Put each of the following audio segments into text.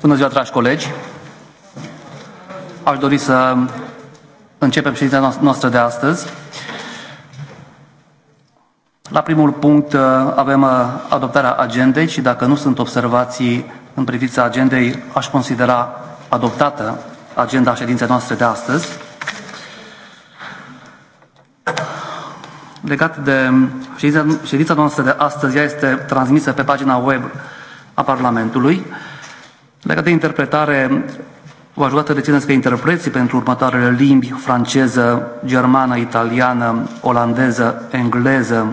Bună ziua, dragi colegi! Aș dori să începem ședința noastră de astăzi. La primul punct uh, avem uh, adoptarea agendei și dacă nu sunt observații în privința agendei, aș considera adoptată agenda ședinței noastre de astăzi. Legat de ședința noastră de astăzi, ea este transmisă pe pagina web a Parlamentului. Legat de interpretare, aș să rețineți că interpreții pentru următoarele limbi, franceză, germană, italiană, olandeză, engleză,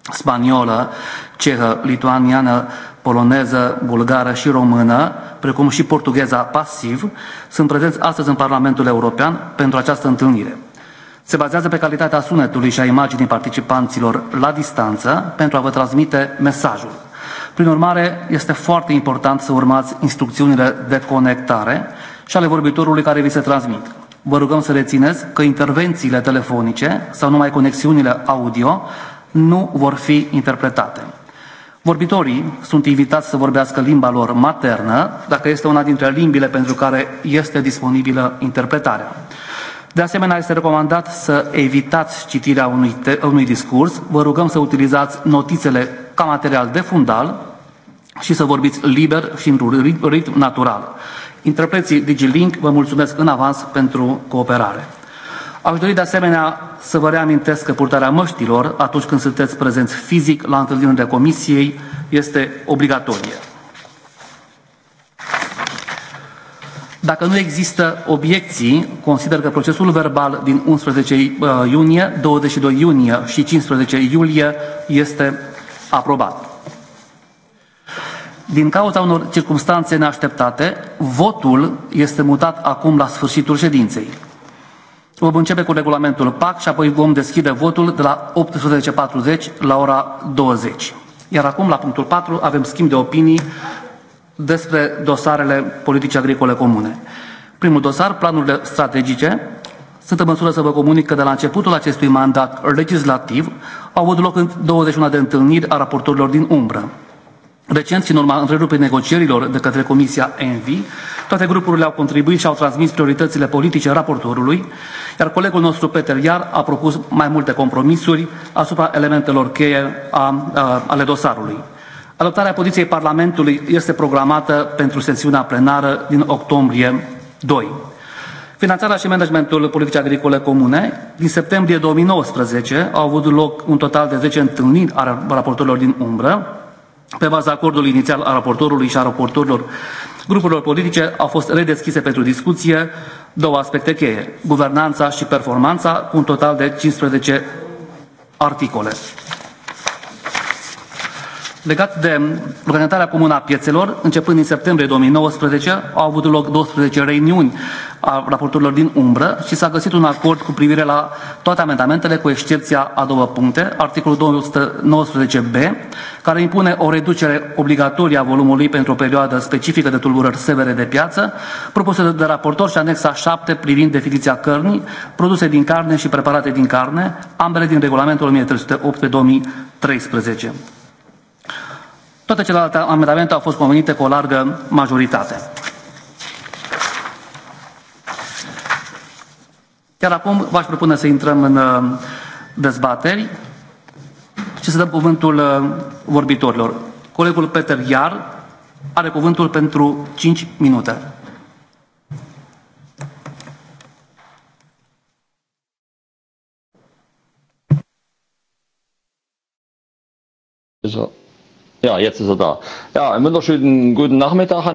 spaniolă, cehă, lituaniană, poloneză, bulgară și română, precum și portugheza pasiv, sunt prezenți astăzi în Parlamentul European pentru această întâlnire. Se bazează pe calitatea sunetului și a imaginii participanților la distanță pentru a vă transmite mesajul. Prin urmare, este foarte important să urmați instrucțiunile de conectare și ale vorbitorului care vi se transmit. Vă rugăm să rețineți că intervențiile telefonice sau numai conexiunile audio nu vor fi interpretate. Vorbitorii sunt invitați să vorbească limba lor maternă, dacă este una dintre limbile pentru care este disponibilă interpretarea. De asemenea, este recomandat să evitați citirea unui, unui discurs. Vă rugăm să utilizați notițele ca material de fundal și să vorbiți liber și într-un ritm, ritm natural. Interpreții DigiLink vă mulțumesc în avans pentru cooperare. Aș dori de asemenea să vă reamintesc că purtarea măștilor atunci când sunteți prezenți fizic la întâlnirile comisiei este obligatorie. Dacă nu există obiecții, consider că procesul verbal din 11 uh, iunie, 22 iunie și 15 iulie este Aprobat. Din cauza unor circumstanțe neașteptate, votul este mutat acum la sfârșitul ședinței. Vom începe cu regulamentul PAC și apoi vom deschide votul de la 18.40 la ora 20. Iar acum, la punctul 4, avem schimb de opinii despre dosarele politice agricole comune. Primul dosar, planurile strategice. Sunt în măsură să vă comunic că de la începutul acestui mandat legislativ au avut loc 21 de întâlniri a raportorilor din umbră. Recent și în urma întreruperii negocierilor de către Comisia ENVI, toate grupurile au contribuit și au transmis prioritățile politice raportorului, iar colegul nostru Peter Iar a propus mai multe compromisuri asupra elementelor cheie a, a, ale dosarului. Adoptarea poziției Parlamentului este programată pentru sesiunea plenară din octombrie 2. Finanțarea și managementul politicii agricole comune. Din septembrie 2019 au avut loc un total de 10 întâlniri a raportorilor din umbră. Pe baza acordului inițial a raportorului și a raportorilor grupurilor politice au fost redeschise pentru discuție două aspecte cheie, guvernanța și performanța, cu un total de 15 articole. Legat de organizarea comună a piețelor, începând din septembrie 2019, au avut loc 12 reuniuni a raporturilor din umbră și s-a găsit un acord cu privire la toate amendamentele, cu excepția a două puncte, articolul 219b, care impune o reducere obligatorie a volumului pentru o perioadă specifică de tulburări severe de piață, propusă de raportor și anexa 7 privind definiția cărnii, produse din carne și preparate din carne, ambele din regulamentul 1308 2013. Toate celelalte amendamente au fost convenite cu o largă majoritate. Chiar acum v-aș propune să intrăm în uh, dezbateri și să dăm cuvântul uh, vorbitorilor. Colegul Peter Iar are cuvântul pentru 5 minute. Ja, jetzt ist er da. Ja, einen wunderschönen guten Nachmittag.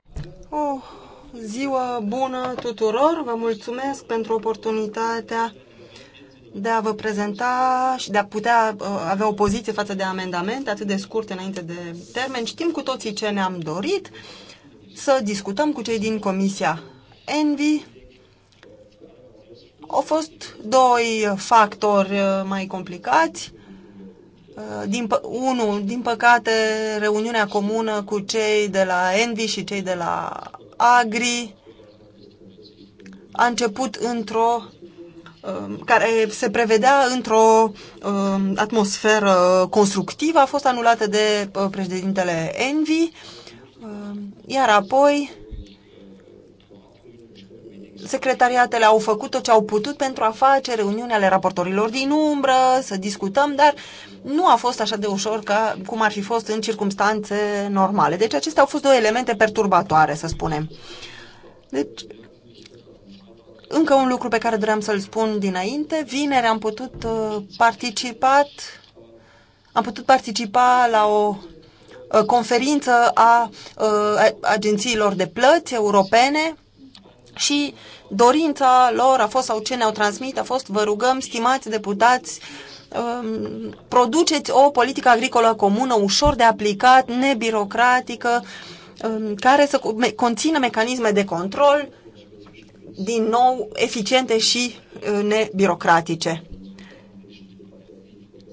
Oh, ziua bună tuturor. Vă mulțumesc pentru oportunitatea de a vă prezenta și de a putea uh, avea o poziție față de amendamente atât de scurte înainte de termen. Știm cu toții ce ne-am dorit să discutăm cu cei din Comisia Envi. Au fost doi factori uh, mai complicați Uh, din, unul, din păcate, reuniunea comună cu cei de la Envi și cei de la Agri a început într-o um, care se prevedea într-o um, atmosferă constructivă, a fost anulată de uh, președintele Envi, um, iar apoi secretariatele au făcut tot ce au putut pentru a face reuniunea ale raportorilor din umbră, să discutăm, dar nu a fost așa de ușor ca cum ar fi fost în circumstanțe normale. Deci acestea au fost două elemente perturbatoare, să spunem. Deci, încă un lucru pe care doream să-l spun dinainte. Vineri am putut uh, participa, am putut participa la o uh, conferință uh, a agențiilor de plăți europene și dorința lor a fost sau ce ne-au transmit a fost vă rugăm, stimați deputați, Um, produceți o politică agricolă comună ușor de aplicat, nebirocratică, um, care să conțină mecanisme de control, din nou, eficiente și uh, nebirocratice.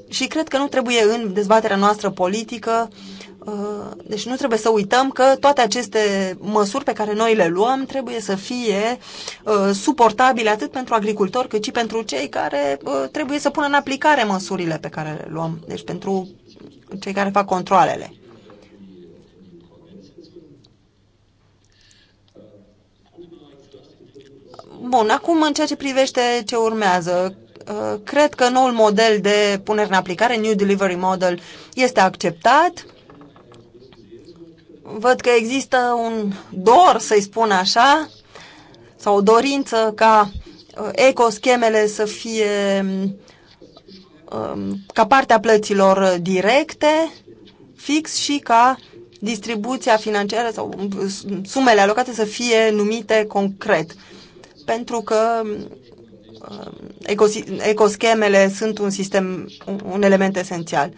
Și cred că nu trebuie în dezbaterea noastră politică uh, Uh, deci nu trebuie să uităm că toate aceste măsuri pe care noi le luăm trebuie să fie uh, suportabile atât pentru agricultori cât și pentru cei care uh, trebuie să pună în aplicare măsurile pe care le luăm, deci pentru cei care fac controlele. Bun, acum în ceea ce privește ce urmează, cred că noul model de punere în aplicare, New Delivery Model, este acceptat văd că există un dor, să-i spun așa, sau o dorință ca uh, ecoschemele să fie um, ca partea plăților uh, directe, fix și ca distribuția financiară sau um, sumele alocate să fie numite concret. Pentru că um, ecoschemele sunt un sistem, un element esențial.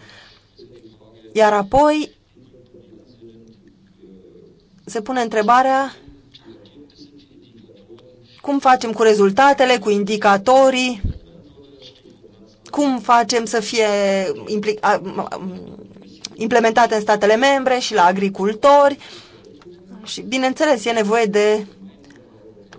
Iar apoi se pune întrebarea cum facem cu rezultatele, cu indicatorii, cum facem să fie implementate în statele membre și la agricultori. Și, bineînțeles, e nevoie de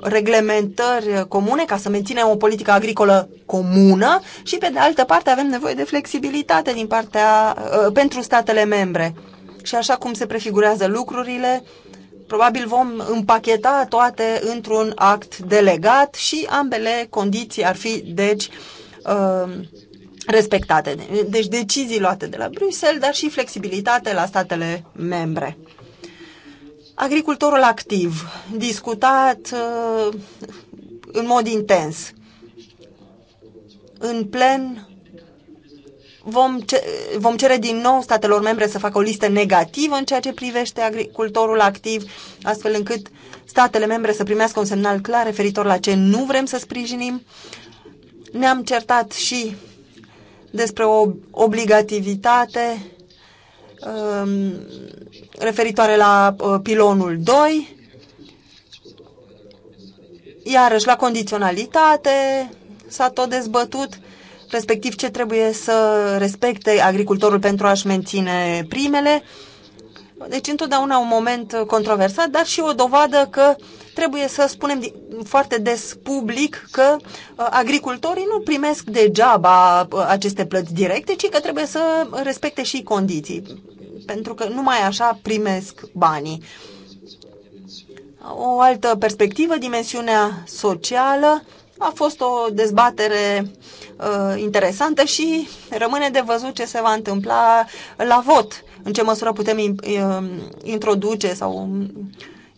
reglementări comune ca să menținem o politică agricolă comună și, pe de altă parte, avem nevoie de flexibilitate din partea, ă, pentru statele membre. Și așa cum se prefigurează lucrurile, uh, probabil vom împacheta toate într-un act delegat și ambele condiții ar fi, deci, uh, respectate. Deci decizii luate de la Bruxelles, dar și flexibilitate la statele membre. Agricultorul activ, discutat uh, în mod intens. În plen vom, ce, vom cere din nou statelor membre să facă o listă negativă în ceea ce privește agricultorul activ, astfel încât statele membre să primească un semnal clar referitor la ce nu vrem să sprijinim. Ne-am certat și despre o obligativitate um, referitoare la uh, pilonul 2, iarăși la condiționalitate s-a tot dezbătut respectiv ce trebuie să respecte agricultorul pentru a-și menține primele. Deci întotdeauna un moment controversat, dar și o dovadă că trebuie să spunem foarte des public că uh, agricultorii nu primesc degeaba uh, aceste plăți directe, ci că trebuie să respecte și condiții, pentru că numai așa primesc banii. O altă perspectivă, dimensiunea socială, a fost o dezbatere uh, interesantă și rămâne de văzut ce se va întâmpla la vot, în ce măsură putem uh, introduce sau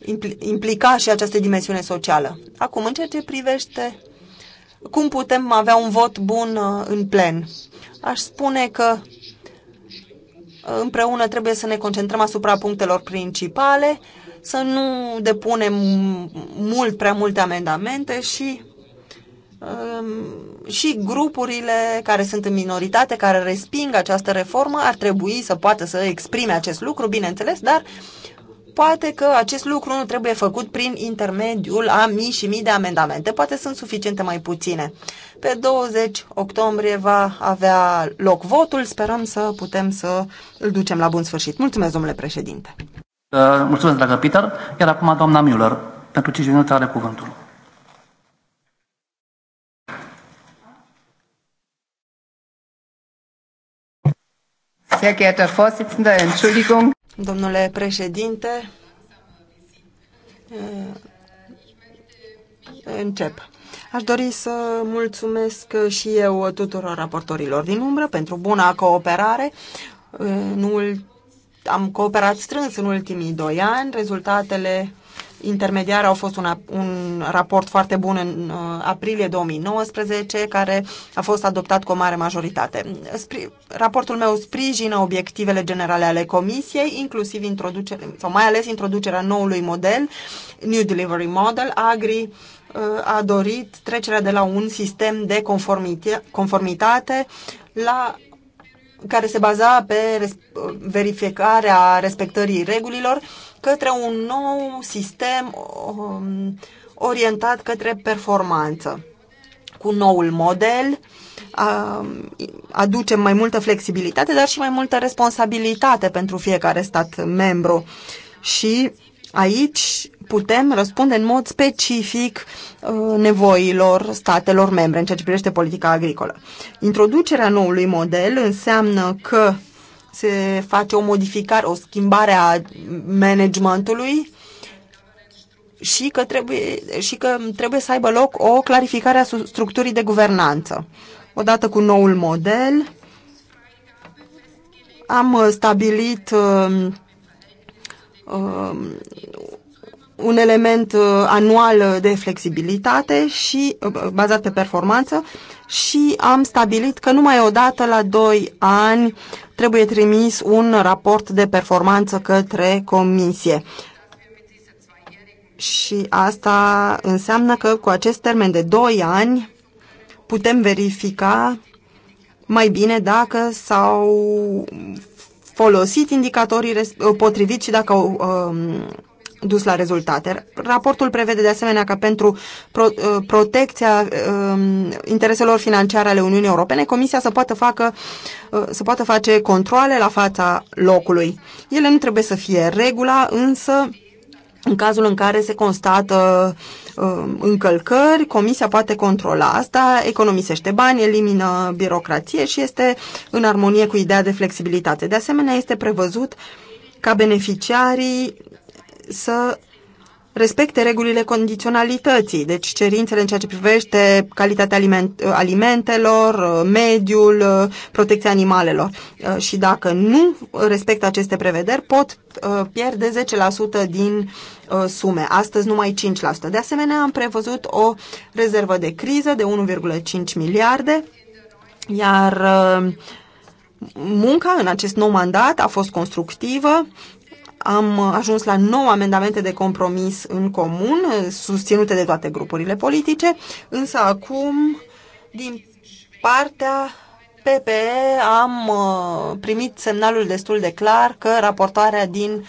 impl- implica și această dimensiune socială. Acum, în ceea ce privește cum putem avea un vot bun uh, în plen, aș spune că uh, împreună trebuie să ne concentrăm asupra punctelor principale, să nu depunem mult prea multe amendamente și Um, și grupurile care sunt în minoritate, care resping această reformă, ar trebui să poată să exprime acest lucru, bineînțeles, dar poate că acest lucru nu trebuie făcut prin intermediul a mii și mii de amendamente, poate sunt suficiente mai puține. Pe 20 octombrie va avea loc votul, sperăm să putem să îl ducem la bun sfârșit. Mulțumesc, domnule președinte! Uh, mulțumesc, dragă Peter. Iar acum, doamna Müller, pentru 5 minute are cuvântul. sehr geehrter Vorsitzender, Entschuldigung. Domnule președinte, eh, încep. Aș dori să mulțumesc și eu tuturor raportorilor din umbră pentru buna cooperare. Eh, am cooperat strâns în ultimii doi ani. Rezultatele intermediare au fost una, un raport foarte bun în uh, aprilie 2019, care a fost adoptat cu o mare majoritate. Raportul meu sprijină obiectivele generale ale Comisiei, inclusiv introducerea, sau mai ales introducerea noului model, New Delivery Model, AGRI, uh, a dorit trecerea de la un sistem de conformitate la care se baza pe verificarea respectării regulilor către un nou sistem um, orientat către performanță. Cu noul model aducem mai multă flexibilitate, dar și mai multă responsabilitate pentru fiecare stat membru. Și aici putem răspunde în mod specific nevoilor statelor membre în ceea ce privește politica agricolă. Introducerea noului model înseamnă că se face o modificare, o schimbare a managementului și că trebuie, și că trebuie să aibă loc o clarificare a structurii de guvernanță. Odată cu noul model, am uh, stabilit um, um, un element uh, anual de flexibilitate și uh, bazat pe performanță și am stabilit că numai o dată la 2 ani trebuie trimis un raport de performanță către comisie. Și asta înseamnă că cu acest termen de 2 ani putem verifica mai bine dacă s-au folosit indicatorii uh, potriviți și dacă au um, dus la rezultate. Raportul prevede de asemenea că pentru pro, uh, protecția um, intereselor financiare ale Uniunii Europene, Comisia să poată, facă, uh, să poată face controle la fața locului. Ele nu trebuie să fie regula, însă în cazul în care se constată uh, încălcări, comisia poate controla asta, economisește bani, elimină birocrație și este în armonie cu ideea de flexibilitate. De asemenea, este prevăzut ca beneficiarii să respecte regulile condiționalității, deci cerințele în ceea ce privește calitatea aliment alimentelor, uh, mediul, uh, protecția animalelor. Uh, și dacă nu respectă aceste prevederi, pot pierde 10% din sume, astăzi numai 5%. De asemenea, am prevăzut o rezervă de criză de 1,5 miliarde, iar munca în acest nou mandat a fost constructivă, am ajuns la 9 amendamente de compromis în comun, susținute de toate grupurile politice, însă acum, din partea PPE, am uh, primit semnalul destul de clar că raportarea din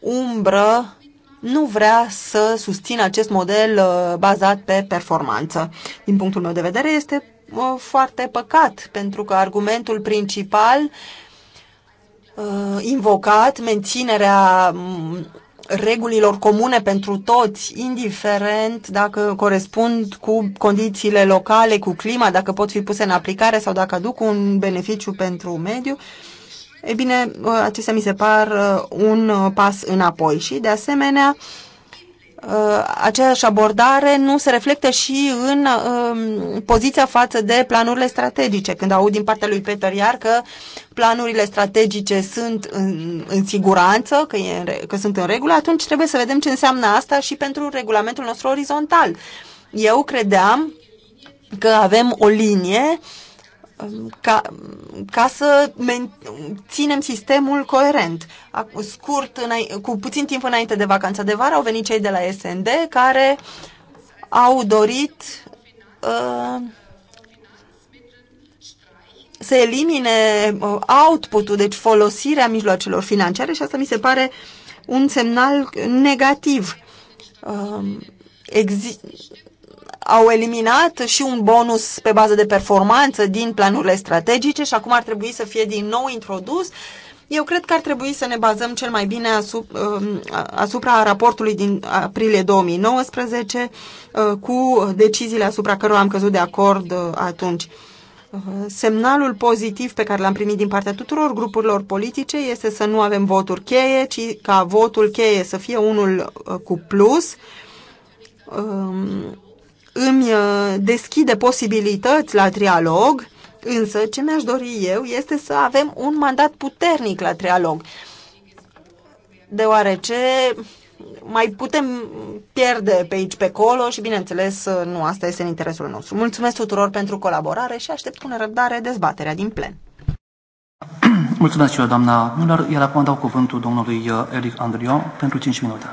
umbră nu vrea să susțină acest model uh, bazat pe performanță. Din punctul meu de vedere, este uh, foarte păcat, pentru că argumentul principal uh, uh, invocat menținerea mm, regulilor comune pentru toți, indiferent dacă corespund cu condițiile locale, cu clima, dacă pot fi puse în aplicare sau dacă aduc un beneficiu pentru mediu. E bine, uh, acestea mi se par uh, un uh, pas înapoi și, de asemenea, uh, Uh, aceeași abordare nu se reflectă și în um, poziția față de planurile strategice. Când aud din partea lui Peter Iar că planurile strategice sunt în, în siguranță, că, e în, că sunt în regulă, atunci trebuie să vedem ce înseamnă asta și pentru regulamentul nostru orizontal. Eu credeam că avem o linie uh, ca, ca să menținem sistemul coerent. Scurt, cu puțin timp înainte de vacanța de vară, au venit cei de la SND care au dorit uh, să elimine uh, output-ul, deci folosirea mijloacelor financiare și asta mi se pare un semnal negativ. Uh, au eliminat și un bonus pe bază de performanță din planurile strategice și acum ar trebui să fie din nou introdus. Eu cred că ar trebui să ne bazăm cel mai bine um, asupra, raportului din aprilie 2019 uh, cu deciziile asupra cărora am căzut de acord uh, atunci. Uh, semnalul pozitiv pe care l-am primit din partea tuturor grupurilor politice este să nu avem voturi cheie, ci ca votul cheie să fie unul cu plus. Um, îmi uh, deschide posibilități la trialog, însă ce mi-aș dori eu este să avem un mandat puternic la trialog, deoarece mai putem pierde pe aici, pe acolo și, bineînțeles, nu asta este în interesul nostru. Mulțumesc tuturor pentru colaborare și aștept cu nerăbdare dezbaterea din plen. Mulțumesc și eu, doamna Müller, iar acum dau cuvântul domnului uh, Eric Andrion pentru 5 minute.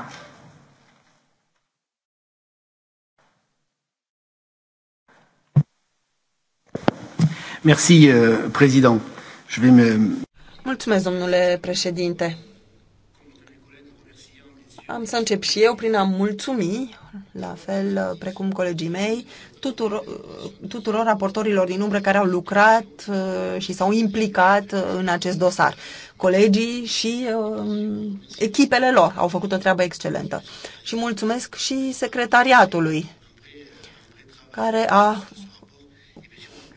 Merci, euh, président. Je vais me... Mulțumesc, domnule președinte. Am să încep și eu prin a mulțumi, la fel uh, precum colegii mei, tuturor, uh, tuturor raportorilor din umbră care au lucrat uh, și s-au implicat în acest dosar. Colegii și echipele lor au făcut o treabă excelentă. Și mulțumesc și secretariatului care a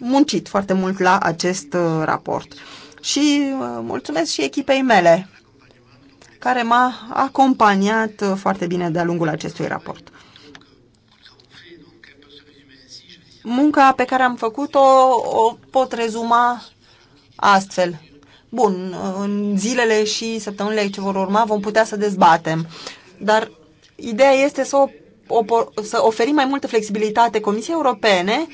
muncit foarte mult la acest uh, raport. Și uh, mulțumesc și echipei mele, care m-a acompaniat uh, foarte bine de-a lungul acestui raport. Munca pe care am făcut-o o pot rezuma astfel. Bun, în zilele și săptămânile ce vor urma vom putea să dezbatem, dar ideea este să, o, o, să oferim mai multă flexibilitate Comisiei Europene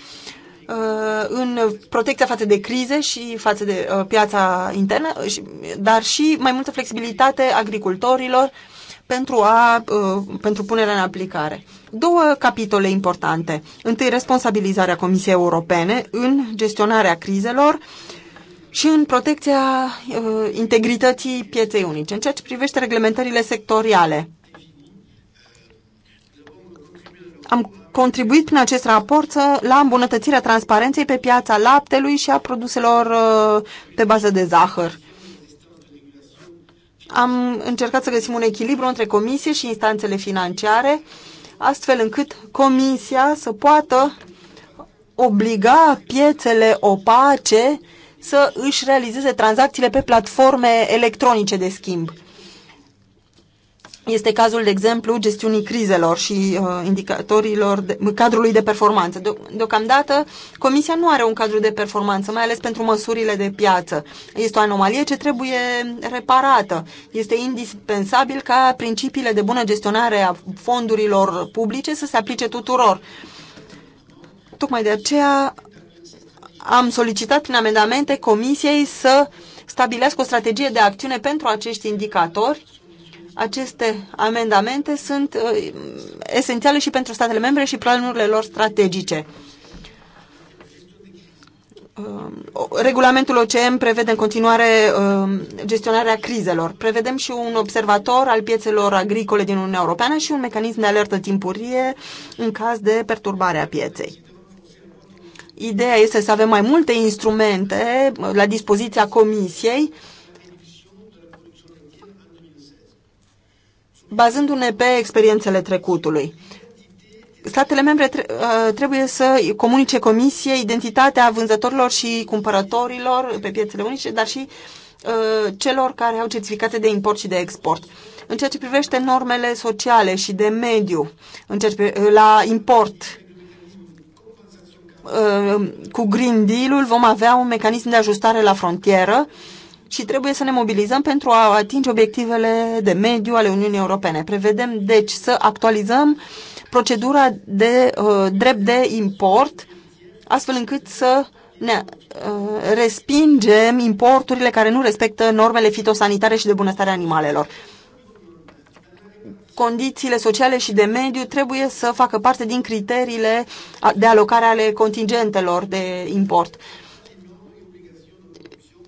Uh, în protecția față de crize și față de uh, piața internă, dar și mai multă flexibilitate agricultorilor pentru, a, uh, pentru punerea în aplicare. Două capitole importante. Întâi, responsabilizarea Comisiei Europene în gestionarea crizelor și în protecția integrității pieței unice, în ceea ce privește reglementările sectoriale. Am contribuit prin acest raport la îmbunătățirea transparenței pe piața laptelui și a produselor uh, pe bază de zahăr. Am încercat să găsim un echilibru între comisie și instanțele financiare, astfel încât comisia să poată obliga piețele opace să își realizeze tranzacțiile pe platforme electronice de schimb. Este cazul, de exemplu, gestiunii crizelor și uh, indicatorilor de, cadrului de performanță. De, deocamdată, Comisia nu are un cadru de performanță, mai ales pentru măsurile de piață. Este o anomalie ce trebuie reparată. Este indispensabil ca principiile de bună gestionare a fondurilor publice să se aplice tuturor. Tocmai de aceea am solicitat prin amendamente Comisiei să stabilească o strategie de acțiune pentru acești indicatori aceste amendamente sunt uh, esențiale și pentru statele membre și planurile lor strategice. Uh, regulamentul OCM prevede în continuare uh, gestionarea crizelor. Prevedem și un observator al piețelor agricole din Uniunea Europeană și un mecanism de alertă timpurie în caz de perturbare a pieței. Ideea este să avem mai multe instrumente la dispoziția Comisiei uh, bazându-ne pe experiențele trecutului. Statele membre ă, trebuie să comunice comisie identitatea vânzătorilor și cumpărătorilor pe piețele unice, dar și ă, celor care au certificate de import și de export. În ceea ce privește normele sociale și de mediu, în ceea ce privește la import, ă, cu Green Deal-ul vom avea un mecanism de ajustare la frontieră și trebuie să ne mobilizăm pentru a atinge obiectivele de mediu ale Uniunii Europene. Prevedem, deci, să actualizăm procedura de uh, drept de import, astfel încât să ne uh, respingem importurile care nu respectă normele fitosanitare și de bunăstare animalelor. Condițiile sociale și de mediu trebuie să facă parte din criteriile de alocare ale contingentelor de import. Uh,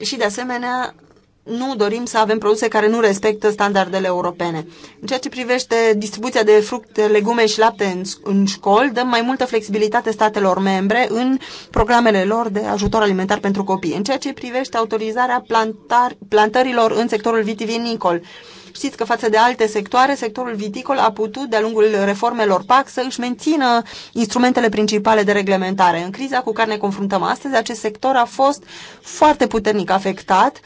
și, de asemenea, nu dorim să avem produse care nu respectă standardele europene. În ceea ce privește distribuția de fructe, legume și lapte în, în școli, dăm mai multă flexibilitate statelor membre în programele lor de ajutor alimentar pentru copii. În ceea ce privește autorizarea plantar, plantărilor în sectorul vitivinicol, uh, Știți că față de alte sectoare, sectorul viticol a putut, de-a lungul reformelor PAC, să își mențină instrumentele principale de reglementare. În criza cu care ne confruntăm astăzi, acest sector a fost foarte puternic afectat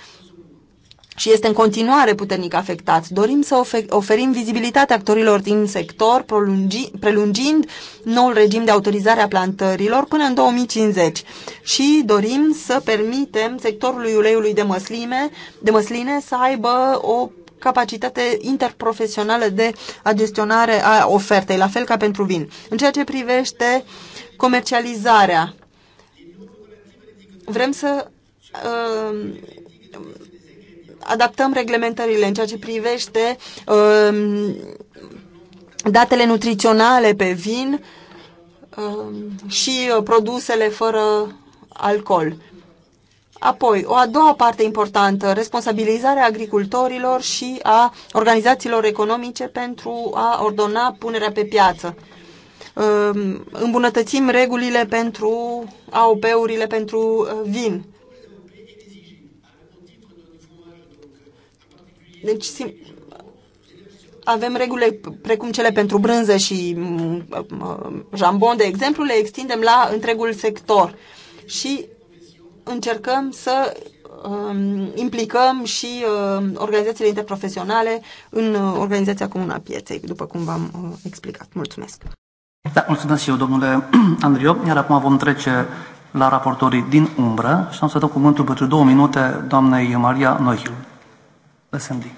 și este în continuare puternic afectat. Dorim să oferim vizibilitate actorilor din sector, prelungind noul regim de autorizare a plantărilor până în 2050 și dorim să permitem sectorului uleiului de măsline, de măsline să aibă o capacitate interprofesională de a gestionare a ofertei, la fel ca pentru vin. În ceea ce privește comercializarea, vrem să uh, adaptăm reglementările în ceea ce privește uh, datele nutriționale pe vin uh, și uh, produsele fără alcool. Apoi, o a doua parte importantă, responsabilizarea agricultorilor și a organizațiilor economice pentru a ordona punerea pe piață. Îmbunătățim regulile pentru AOP-urile pentru uh, vin. Deci avem regulile precum cele pentru brânză și jambon, de exemplu, le extindem la întregul sector. Și încercăm să um, implicăm și um, organizațiile interprofesionale în uh, organizația a Pieței, după cum v-am uh, explicat. Mulțumesc! Da, mulțumesc și eu, domnule Andriu. Iar acum vom trece la raportorii din umbră și am să dau cuvântul pentru două minute doamnei Maria Noihil, din.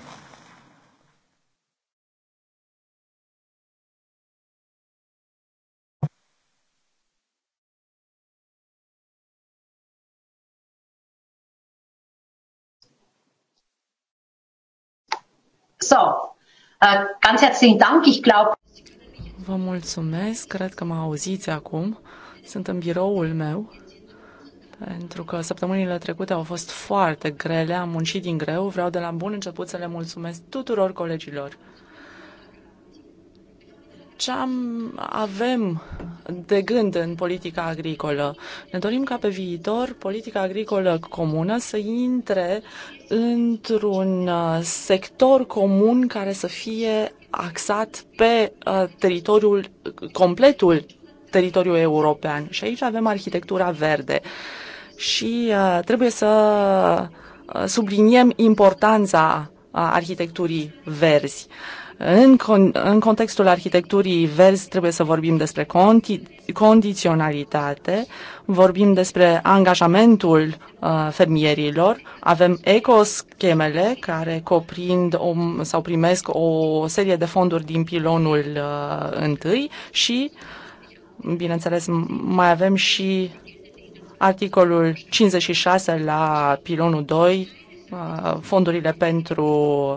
So, äh, ganz herzlichen Dank. Ich glaube. Vă mulțumesc, cred că mă auziți acum. Sunt în biroul meu pentru că săptămânile trecute au fost foarte grele, am muncit din greu, vreau de la bun început să le mulțumesc tuturor colegilor ce am, avem de gând în politica agricolă. Ne dorim ca pe viitor politica agricolă comună să intre într-un uh, sector comun care să fie axat pe uh, teritoriul, completul teritoriul european. Și aici avem arhitectura verde. Și uh, trebuie să subliniem importanța arhitecturii verzi. Uh, în, con- în contextul arhitecturii verzi trebuie să vorbim despre condi- condiționalitate, vorbim despre angajamentul uh, fermierilor, avem ecoschemele care coprind o, sau primesc o serie de fonduri din pilonul uh, întâi și, bineînțeles, mai avem și articolul 56 la pilonul 2, uh, fondurile pentru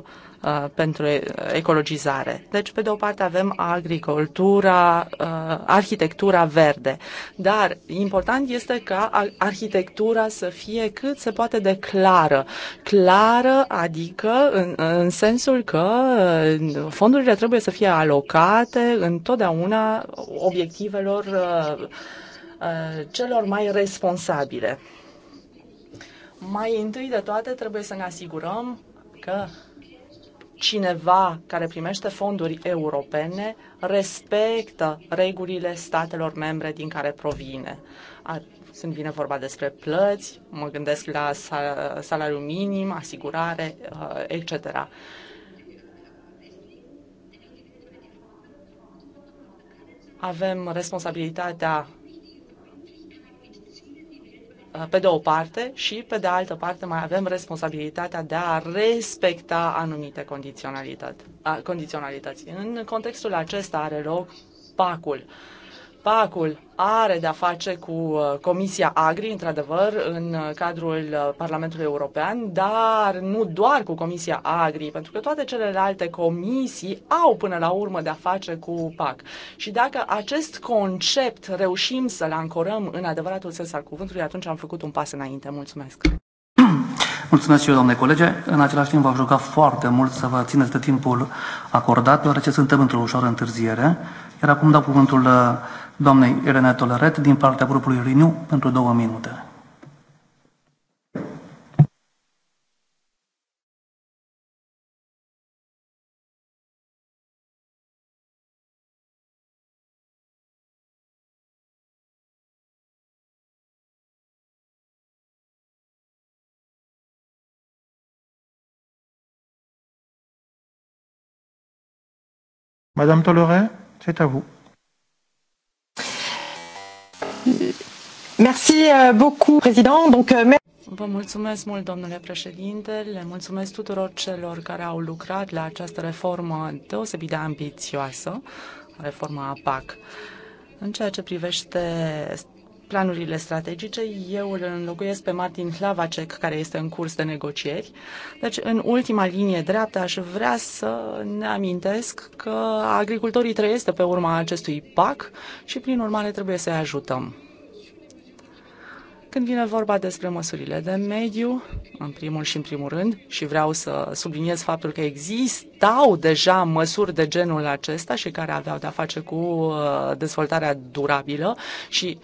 uh, Uh, pentru ecologizare. Deci, pe de o parte avem agricultura, uh, arhitectura verde, dar important este ca arhitectura să fie cât se poate de clară. Clară, adică în, în sensul că uh, fondurile trebuie să fie alocate întotdeauna obiectivelor uh, uh, celor mai responsabile. Mai întâi de toate trebuie să ne asigurăm că cineva care primește fonduri europene respectă regulile statelor membre din care provine. Când vine vorba despre plăți, mă gândesc la salariu minim, asigurare, uh, etc. Avem responsabilitatea Uh, pe de o parte și pe de altă parte mai avem responsabilitatea de a respecta anumite condiționalități. Uh, În contextul acesta are loc pacul. PAC-ul are de-a face cu uh, Comisia Agri, într-adevăr, în uh, cadrul uh, Parlamentului European, dar nu doar cu Comisia Agri, pentru că toate celelalte comisii au până la urmă de-a face cu PAC. Și dacă acest concept reușim să-l ancorăm în adevăratul sens al cuvântului, atunci am făcut un pas înainte. Mulțumesc! Mulțumesc și eu, doamne colege. În același timp, v-aș ruga foarte mult să vă țineți de timpul acordat, deoarece suntem într-o ușoară întârziere. Iar acum dau cuvântul doamnei Irene Toleret din partea grupului Renew pentru două minute. Madame Toleret, c'est à vous. Merci euh, beaucoup, président. Donc, euh, Vă mulțumesc mult, domnule președinte, le mulțumesc tuturor celor care au lucrat la această reformă deosebit de ambițioasă, reforma APAC. În ceea ce privește planurile strategice. Eu îl înlocuiesc pe Martin Hlavacek, care este în curs de negocieri. Deci, în ultima linie dreaptă, aș vrea să ne amintesc că agricultorii trăiesc pe urma acestui PAC și, prin urmare, trebuie să-i ajutăm. Când vine vorba despre măsurile de mediu, în primul și în primul rând, și vreau să subliniez faptul că existau deja măsuri de genul acesta și care aveau de-a face cu uh, dezvoltarea durabilă și uh,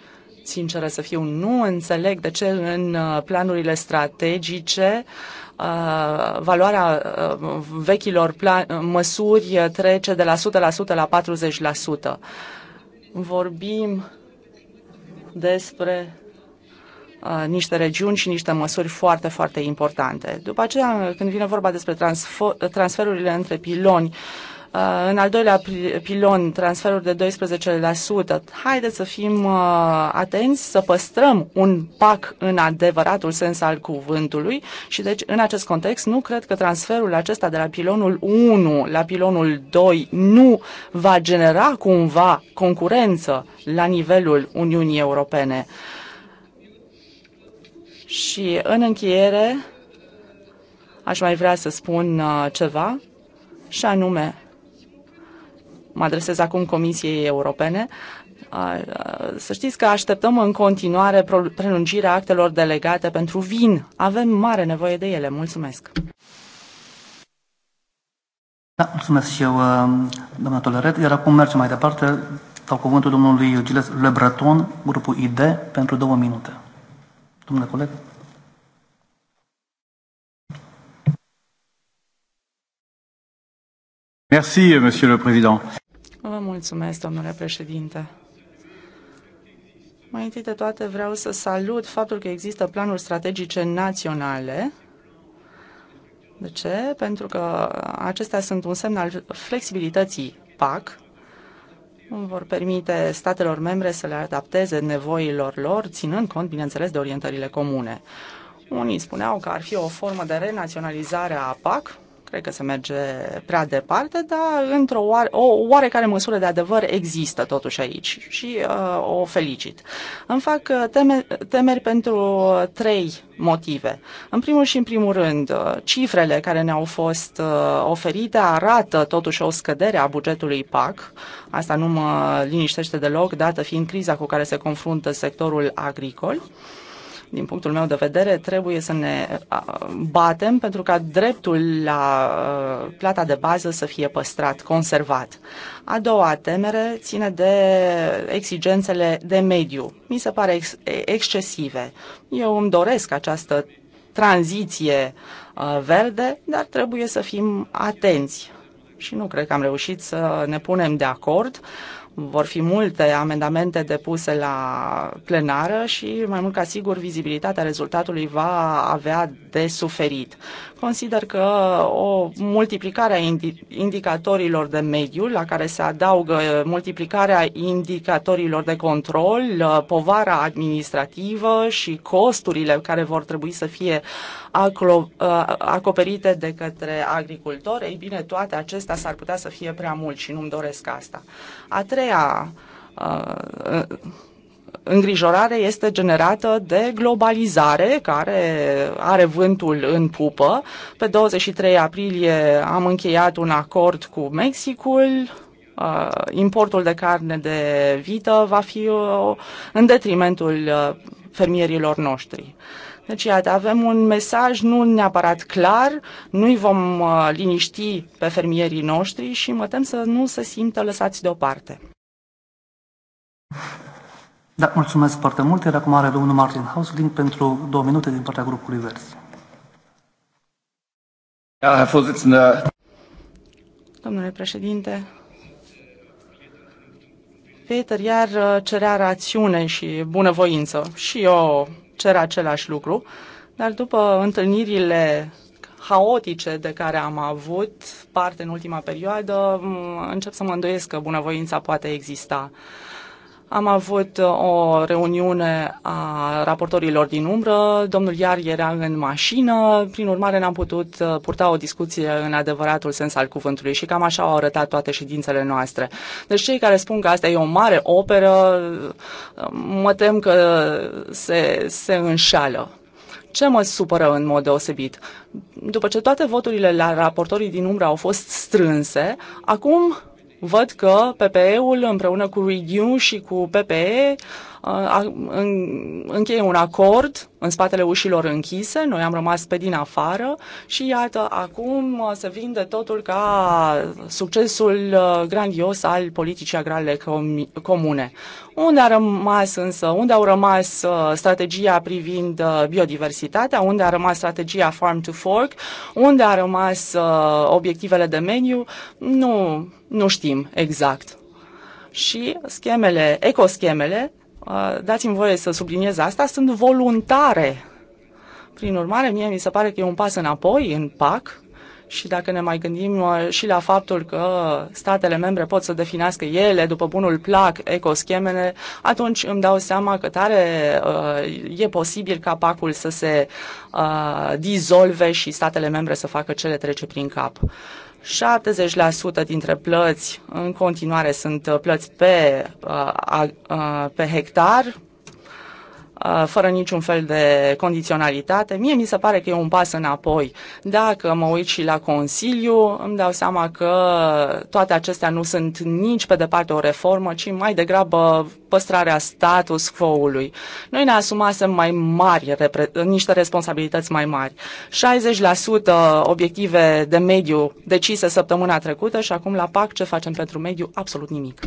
sinceră să fiu, nu înțeleg de ce în uh, planurile strategice uh, valoarea uh, vechilor plan- măsuri trece de la 100% la 40%. Vorbim despre niște regiuni și niște măsuri foarte, foarte importante. După aceea, când vine vorba despre transferurile între piloni, uh, în al doilea pilon, transferuri de 12%. Haideți să fim uh, atenți, să păstrăm un PAC în adevăratul sens al cuvântului și deci în acest context nu cred că transferul acesta de la pilonul 1 la pilonul 2 nu va genera cumva concurență la nivelul Uniunii Europene. Și în încheiere aș mai vrea să spun uh, ceva și anume mă adresez acum Comisiei Europene, să știți că așteptăm în continuare prelungirea actelor delegate pentru vin. Avem mare nevoie de ele. Mulțumesc! Da, mulțumesc și eu, uh, doamna Toleret. Iar acum mergem mai departe. Dau cuvântul domnului Gilles Le Breton, grupul ID, pentru două minute. Domnule coleg. Merci, Monsieur le Président. Vă mulțumesc, domnule președinte. Mai întâi de toate vreau să salut faptul că există planuri strategice naționale. De ce? Pentru că acestea sunt un semn al flexibilității PAC, vor permite statelor membre să le adapteze nevoilor lor, ținând cont, bineînțeles, de orientările comune. Unii spuneau că ar fi o formă de renaționalizare a PAC, cred că se merge prea departe, dar într-o oare, o oarecare măsură de adevăr există totuși aici și uh, o felicit. Îmi fac uh, teme, temeri pentru trei motive. În primul și în primul rând, uh, cifrele care ne-au fost uh, oferite arată totuși o scădere a bugetului PAC. Asta nu mă liniștește deloc, dată fiind criza cu care se confruntă sectorul agricol. Uh, din punctul meu de vedere, trebuie să ne batem pentru ca dreptul la uh, plata de bază să fie păstrat, conservat. A doua temere ține de exigențele de mediu. Mi se pare ex- excesive. Eu îmi doresc această tranziție uh, verde, dar trebuie să fim atenți. Și nu cred că am reușit să ne punem de acord uh, vor fi multe amendamente depuse la plenară și, mai mult ca sigur, vizibilitatea rezultatului va avea de suferit. Consider că o multiplicare a indicatorilor de mediu, la care se adaugă multiplicarea indicatorilor de control, povara administrativă și costurile care vor trebui să fie Uh, acoperite de către agricultori, ei bine, toate acestea s-ar putea să fie prea mult și nu-mi doresc asta. A treia uh, uh, îngrijorare este generată de globalizare care are vântul în pupă. Pe 23 aprilie am încheiat un acord cu Mexicul. Importul de carne de vită va fi în detrimentul fermierilor noștri. Uh, deci, iată, avem un mesaj nu neapărat clar, nu-i vom uh, liniști pe fermierii noștri și mă tem să nu se simtă lăsați deoparte. Da, mulțumesc foarte mult. Iar acum are domnul Martin Hausling pentru două minute din partea grupului Vers. Da, Herr Domnule președinte, Peter iar uh, cerea rațiune și bunăvoință. Și eu cer același lucru, dar după întâlnirile haotice de care am avut parte în ultima perioadă, încep să mă îndoiesc că bunăvoința poate exista. Am avut uh, o reuniune a raportorilor din umbră, domnul Iar era în mașină, prin urmare n-am putut uh, purta o discuție în adevăratul sens al cuvântului și cam așa au arătat toate ședințele noastre. Deci cei care spun că asta e o mare operă, uh, mă tem că se, se înșală. Ce mă supără în mod deosebit? După ce toate voturile la raportorii din umbră au fost strânse, acum văd că PPE-ul împreună cu Renew și cu PPE încheie un acord în spatele ușilor închise, noi am rămas pe din afară și iată, acum uh, se vinde totul ca succesul uh, grandios al politicii agrale comune. Unde a rămas însă, unde au rămas uh, strategia privind biodiversitatea, unde a rămas strategia Farm to Fork, unde a rămas obiectivele de meniu, nu, nu știm exact. Și schemele, ecoschemele Uh, dați-mi voie să subliniez asta, sunt voluntare. Prin urmare, mie mi se pare că e un pas înapoi în PAC și dacă ne mai gândim uh, și la faptul că statele membre pot să definească ele, după bunul plac, ecoschemele, atunci îmi dau seama că tare uh, e posibil ca pacul să se dizolve și statele membre să facă ce le trece prin cap. 70% dintre plăți în continuare sunt uh, plăți pe, uh, uh, pe hectar, fără niciun fel de condiționalitate. Mie mi se pare că e un pas înapoi. Dacă mă uit și la Consiliu, îmi dau seama că toate acestea nu sunt nici pe departe o reformă, ci mai degrabă păstrarea status quo-ului. Noi ne asumasem mai mari, niște responsabilități mai mari. 60% obiective de mediu decise săptămâna trecută și acum la PAC ce facem pentru mediu? Absolut nimic.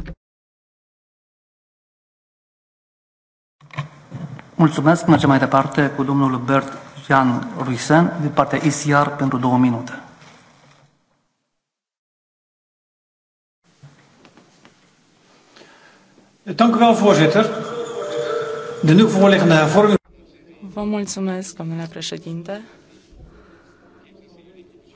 Mulțumesc. Mergem mai departe cu domnul Bert Jan Ruisen, din partea ICR, pentru două minute. Vă mulțumesc, domnule președinte.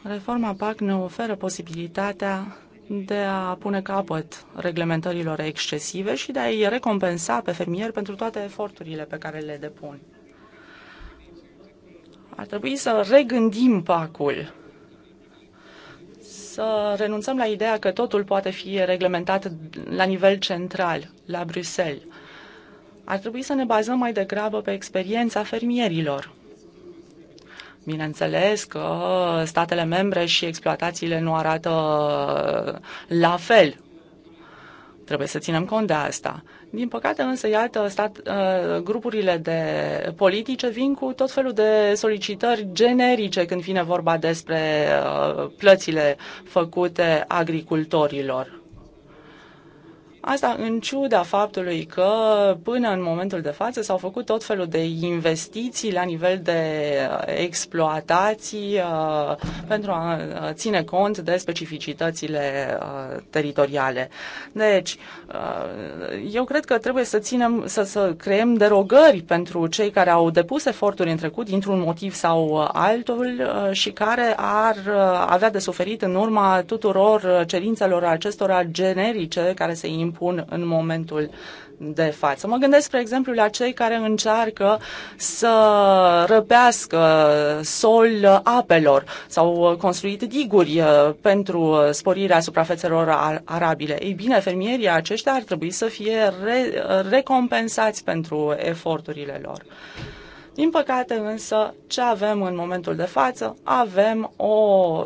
Reforma PAC ne oferă posibilitatea de a pune capăt reglementărilor excesive și de a-i recompensa pe fermieri pentru toate eforturile pe care le depun. Ar trebui să regândim pacul, să renunțăm la ideea că totul poate fi reglementat la nivel central, la Bruxelles. Ar trebui să ne bazăm mai degrabă pe experiența fermierilor Bineînțeles că statele membre și exploatațiile nu arată la fel. Trebuie să ținem cont de asta. Din păcate însă, iată, stat, ă, grupurile de politice vin cu tot felul de solicitări generice când vine vorba despre ă, plățile făcute agricultorilor. Asta în ciuda faptului că până în momentul de față s-au făcut tot felul de investiții la nivel de uh, exploatații uh, pentru a uh, ține cont de specificitățile teritoriale. Deci, eu cred că trebuie să ținem, să, să creăm derogări pentru cei care au depus eforturi în trecut, dintr-un motiv sau altul, și care ar avea de suferit în urma tuturor cerințelor acestora generice care se impun impun în momentul de față. Mă gândesc, spre exemplu, la cei care încearcă să răpească sol apelor. sau uh, construit diguri uh, pentru uh, sporirea suprafețelor arabile. Ei bine, fermierii aceștia ar trebui să fie re- recompensați pentru eforturile lor. Din păcate însă, ce avem în momentul de față? Avem o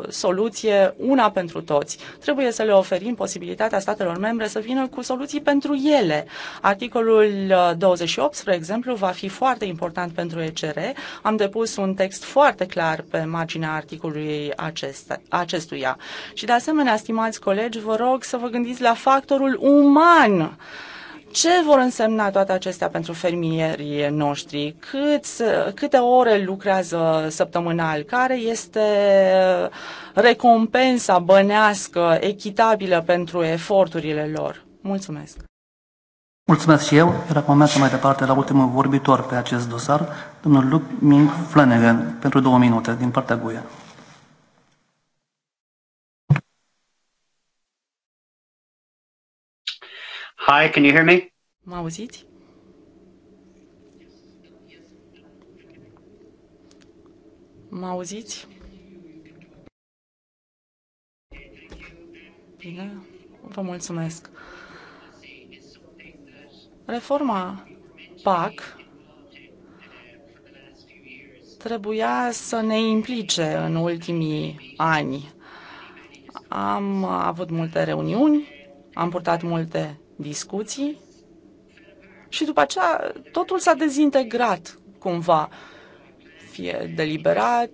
soluție una pentru toți. Trebuie să le oferim posibilitatea statelor membre să vină cu soluții pentru ele. Articolul 28, uh, spre exemplu, va fi foarte important pentru ECR. Am depus un text foarte clar pe marginea articolului acestuia. Și de asemenea, stimați colegi, vă rog să vă gândiți la factorul uman ce vor însemna toate acestea pentru fermierii noștri? Cât, câte ore lucrează săptămânal? Care este recompensa bănească, echitabilă pentru eforturile lor? Mulțumesc! Mulțumesc și eu, iar mai departe la ultimul vorbitor pe acest dosar, domnul Luc Ming Flanagan, pentru două minute, din partea Guia. Hi, can you hear me? Mă auziți? Mă auziți? Bine, vă mulțumesc. Reforma PAC trebuia să ne implice în ultimii ani. Am avut multe reuniuni, am purtat multe discuții și după aceea totul s-a dezintegrat cumva, fie deliberat,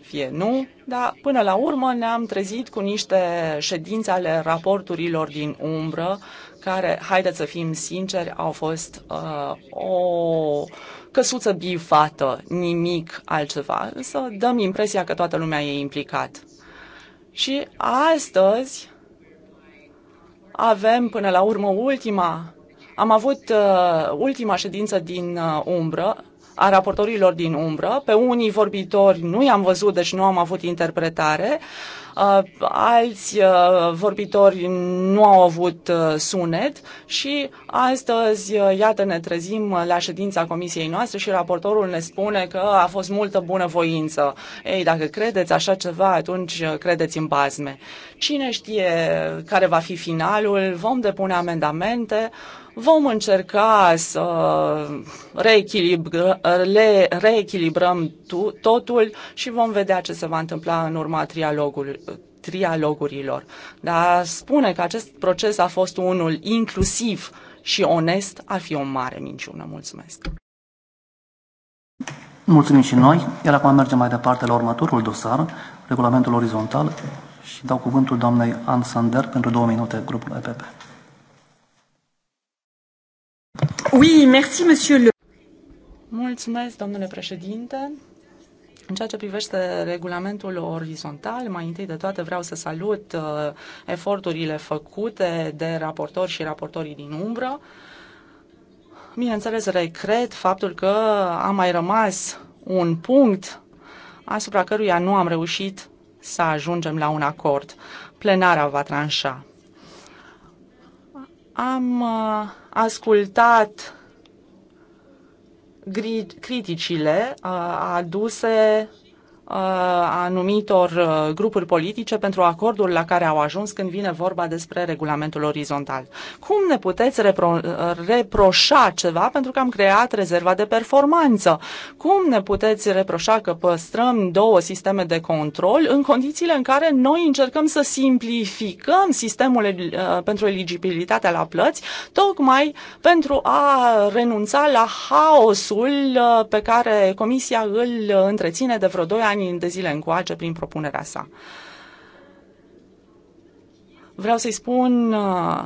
fie nu, dar până la urmă ne-am trezit cu niște ședințe ale raporturilor din umbră, care, haideți să fim sinceri, au fost uh, o căsuță bifată, nimic altceva, să dăm impresia că toată lumea e implicat. Și astăzi avem până la urmă ultima, am avut uh, ultima ședință din uh, umbră, a raportorilor din umbră. Pe unii vorbitori nu i-am văzut, deci nu am avut interpretare. Uh, alți uh, vorbitori nu au avut uh, sunet și astăzi, iată, ne trezim la ședința comisiei noastre și raportorul ne spune că a fost multă bunăvoință. Ei, dacă credeți așa ceva, atunci credeți în bazme. Cine știe care va fi finalul, vom depune amendamente. Vom încerca să reechilibr, le reechilibrăm totul și vom vedea ce se va întâmpla în urma trialogului trialogurilor. Dar spune că acest proces a fost unul inclusiv și onest ar fi o mare minciună. Mulțumesc! Mulțumim și noi, iar acum mergem mai departe la următorul dosar, regulamentul orizontal, și dau cuvântul doamnei Ann Sander pentru două minute, grupul EPP. Oui, merci, monsieur le... Mulțumesc, domnule președinte. În ceea ce privește regulamentul orizontal, mai întâi de toate vreau să salut uh, eforturile făcute de raportori și raportorii din umbră. Bineînțeles, regret faptul că a mai rămas un punct asupra căruia nu am reușit să ajungem la un acord. Plenara va tranșa. Am uh, ascultat criticile uh, aduse a anumitor grupuri politice pentru acordul la care au ajuns când vine vorba despre regulamentul orizontal. Cum ne puteți repro- reproșa ceva pentru că am creat rezerva de performanță? Cum ne puteți reproșa că păstrăm două sisteme de control în condițiile în care noi încercăm să simplificăm sistemul pentru eligibilitatea la plăți, tocmai pentru a renunța la haosul pe care Comisia îl întreține de vreo 2 ani ani de zile încoace prin propunerea sa. Vreau să-i spun uh,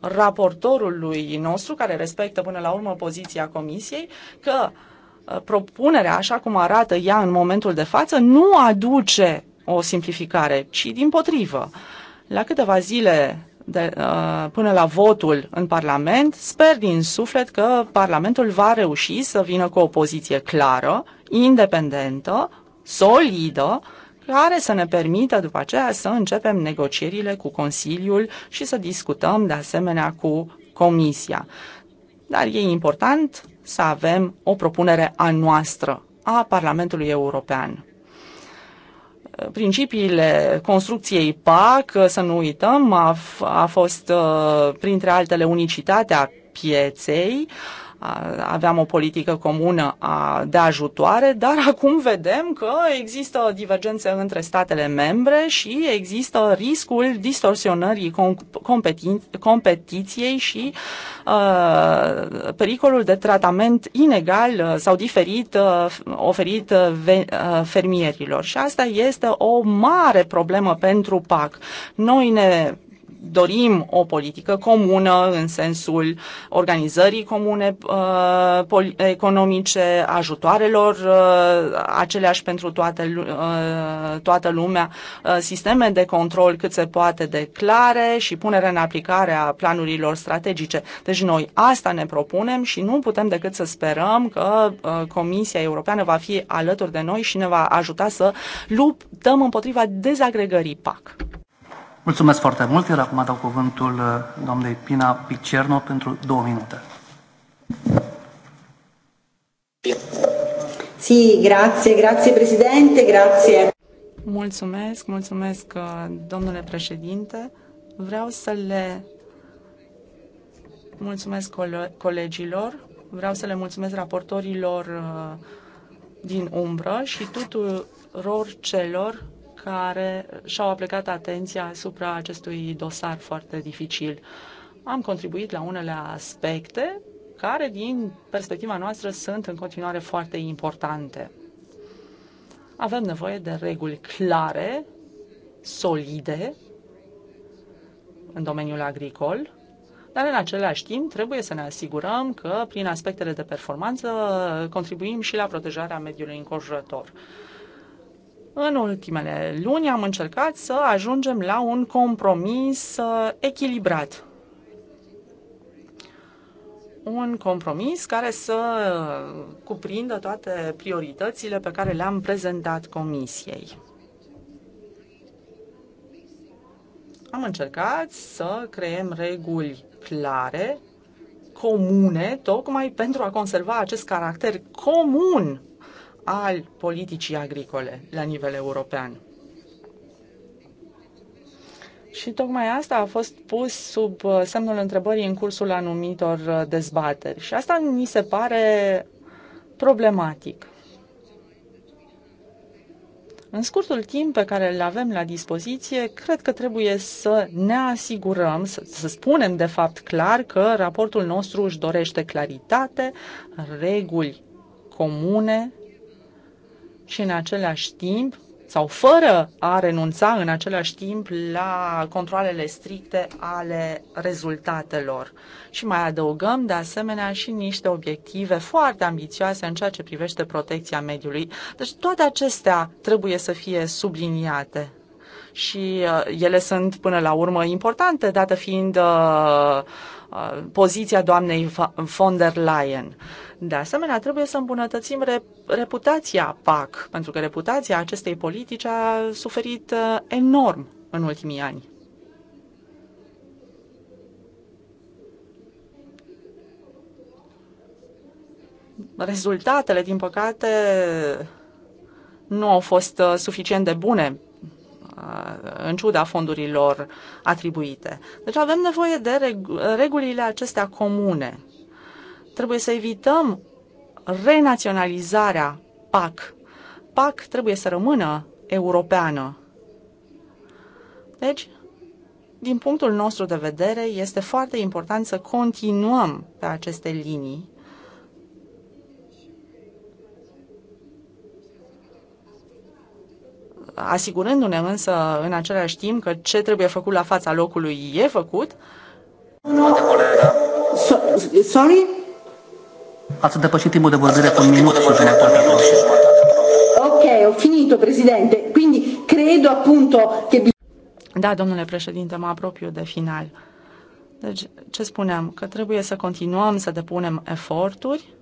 raportorului nostru, care respectă până la urmă poziția comisiei, că uh, propunerea, așa cum arată ea în momentul de față, nu aduce o simplificare, ci din potrivă. La câteva zile de, uh, până la votul în Parlament, sper din suflet că Parlamentul va reuși să vină cu o poziție clară, independentă, solidă, care să ne permită după aceea să începem negocierile cu Consiliul și să discutăm de asemenea cu Comisia. Dar e important să avem o propunere a noastră, a Parlamentului European principiile construcției PAC, să nu uităm, a, a fost uh, printre altele unicitatea pieței, aveam o politică comună de ajutoare, dar acum vedem că există divergențe între statele membre și există riscul distorsionării competiției și pericolul de tratament inegal sau diferit oferit fermierilor. Și asta este o mare problemă pentru PAC. Noi ne dorim o politică comună în sensul organizării comune uh, economice, ajutoarelor uh, aceleași pentru toată, uh, toată lumea, sisteme de control cât se poate de clare și punerea în aplicare a planurilor strategice. Deci noi asta ne propunem și nu putem decât să sperăm că Comisia Europeană va fi alături de noi și ne va ajuta să luptăm împotriva dezagregării PAC. Mulțumesc foarte mult. Iar acum dau cuvântul uh, doamnei Pina Picerno pentru două minute. Sì, grazie, grazie Presidente, grazie. Mulțumesc, mulțumesc, uh, domnule președinte. Vreau să le mulțumesc colegilor, vreau să le mulțumesc raportorilor uh, din umbră și tuturor celor care și-au aplicat atenția asupra acestui dosar foarte dificil. Am contribuit la unele aspecte care, din perspectiva noastră, sunt în continuare foarte importante. Avem nevoie de reguli clare, solide, în domeniul agricol, dar în același timp trebuie să ne asigurăm că prin aspectele de performanță contribuim și la protejarea mediului înconjurător. În ultimele luni am încercat să ajungem la un compromis uh, echilibrat. Un compromis care să cuprindă toate prioritățile pe care le-am prezentat Comisiei. Am încercat să creăm reguli clare, comune, tocmai pentru a conserva acest caracter comun al politicii agricole la nivel european. Și tocmai asta a fost pus sub uh, semnul întrebării în cursul anumitor uh, dezbateri. Și asta mi se pare problematic. În scurtul timp pe care îl avem la dispoziție, cred că trebuie să ne asigurăm, să, să spunem de fapt clar că raportul nostru își dorește claritate, reguli comune și în același timp sau fără a renunța în același timp la controlele stricte ale rezultatelor. Și mai adăugăm de asemenea și niște obiective foarte ambițioase în ceea ce privește protecția mediului. Deci toate acestea trebuie să fie subliniate. Și uh, ele sunt până la urmă importante, dată fiind uh, Uh, poziția doamnei von der Leyen. De asemenea, trebuie să îmbunătățim reputația PAC, pentru că reputația acestei politici a suferit uh, enorm în ultimii ani. Rezultatele, din păcate, nu au fost uh, suficient de bune Uh, în ciuda fondurilor atribuite. Deci avem nevoie de regulile acestea comune. Trebuie să evităm renaționalizarea PAC. PAC trebuie să rămână europeană. Deci, din punctul nostru de vedere, este foarte important să continuăm pe aceste linii asigurându-ne însă în același timp că ce trebuie făcut la fața locului e făcut. No. sorry? Ați depășit timpul de vorbire cu un minut și Ok, ho finito, Presidente. Quindi credo appunto che... Da, domnule președinte, mă apropiu de final. Deci, ce spuneam? Că trebuie să continuăm să depunem eforturi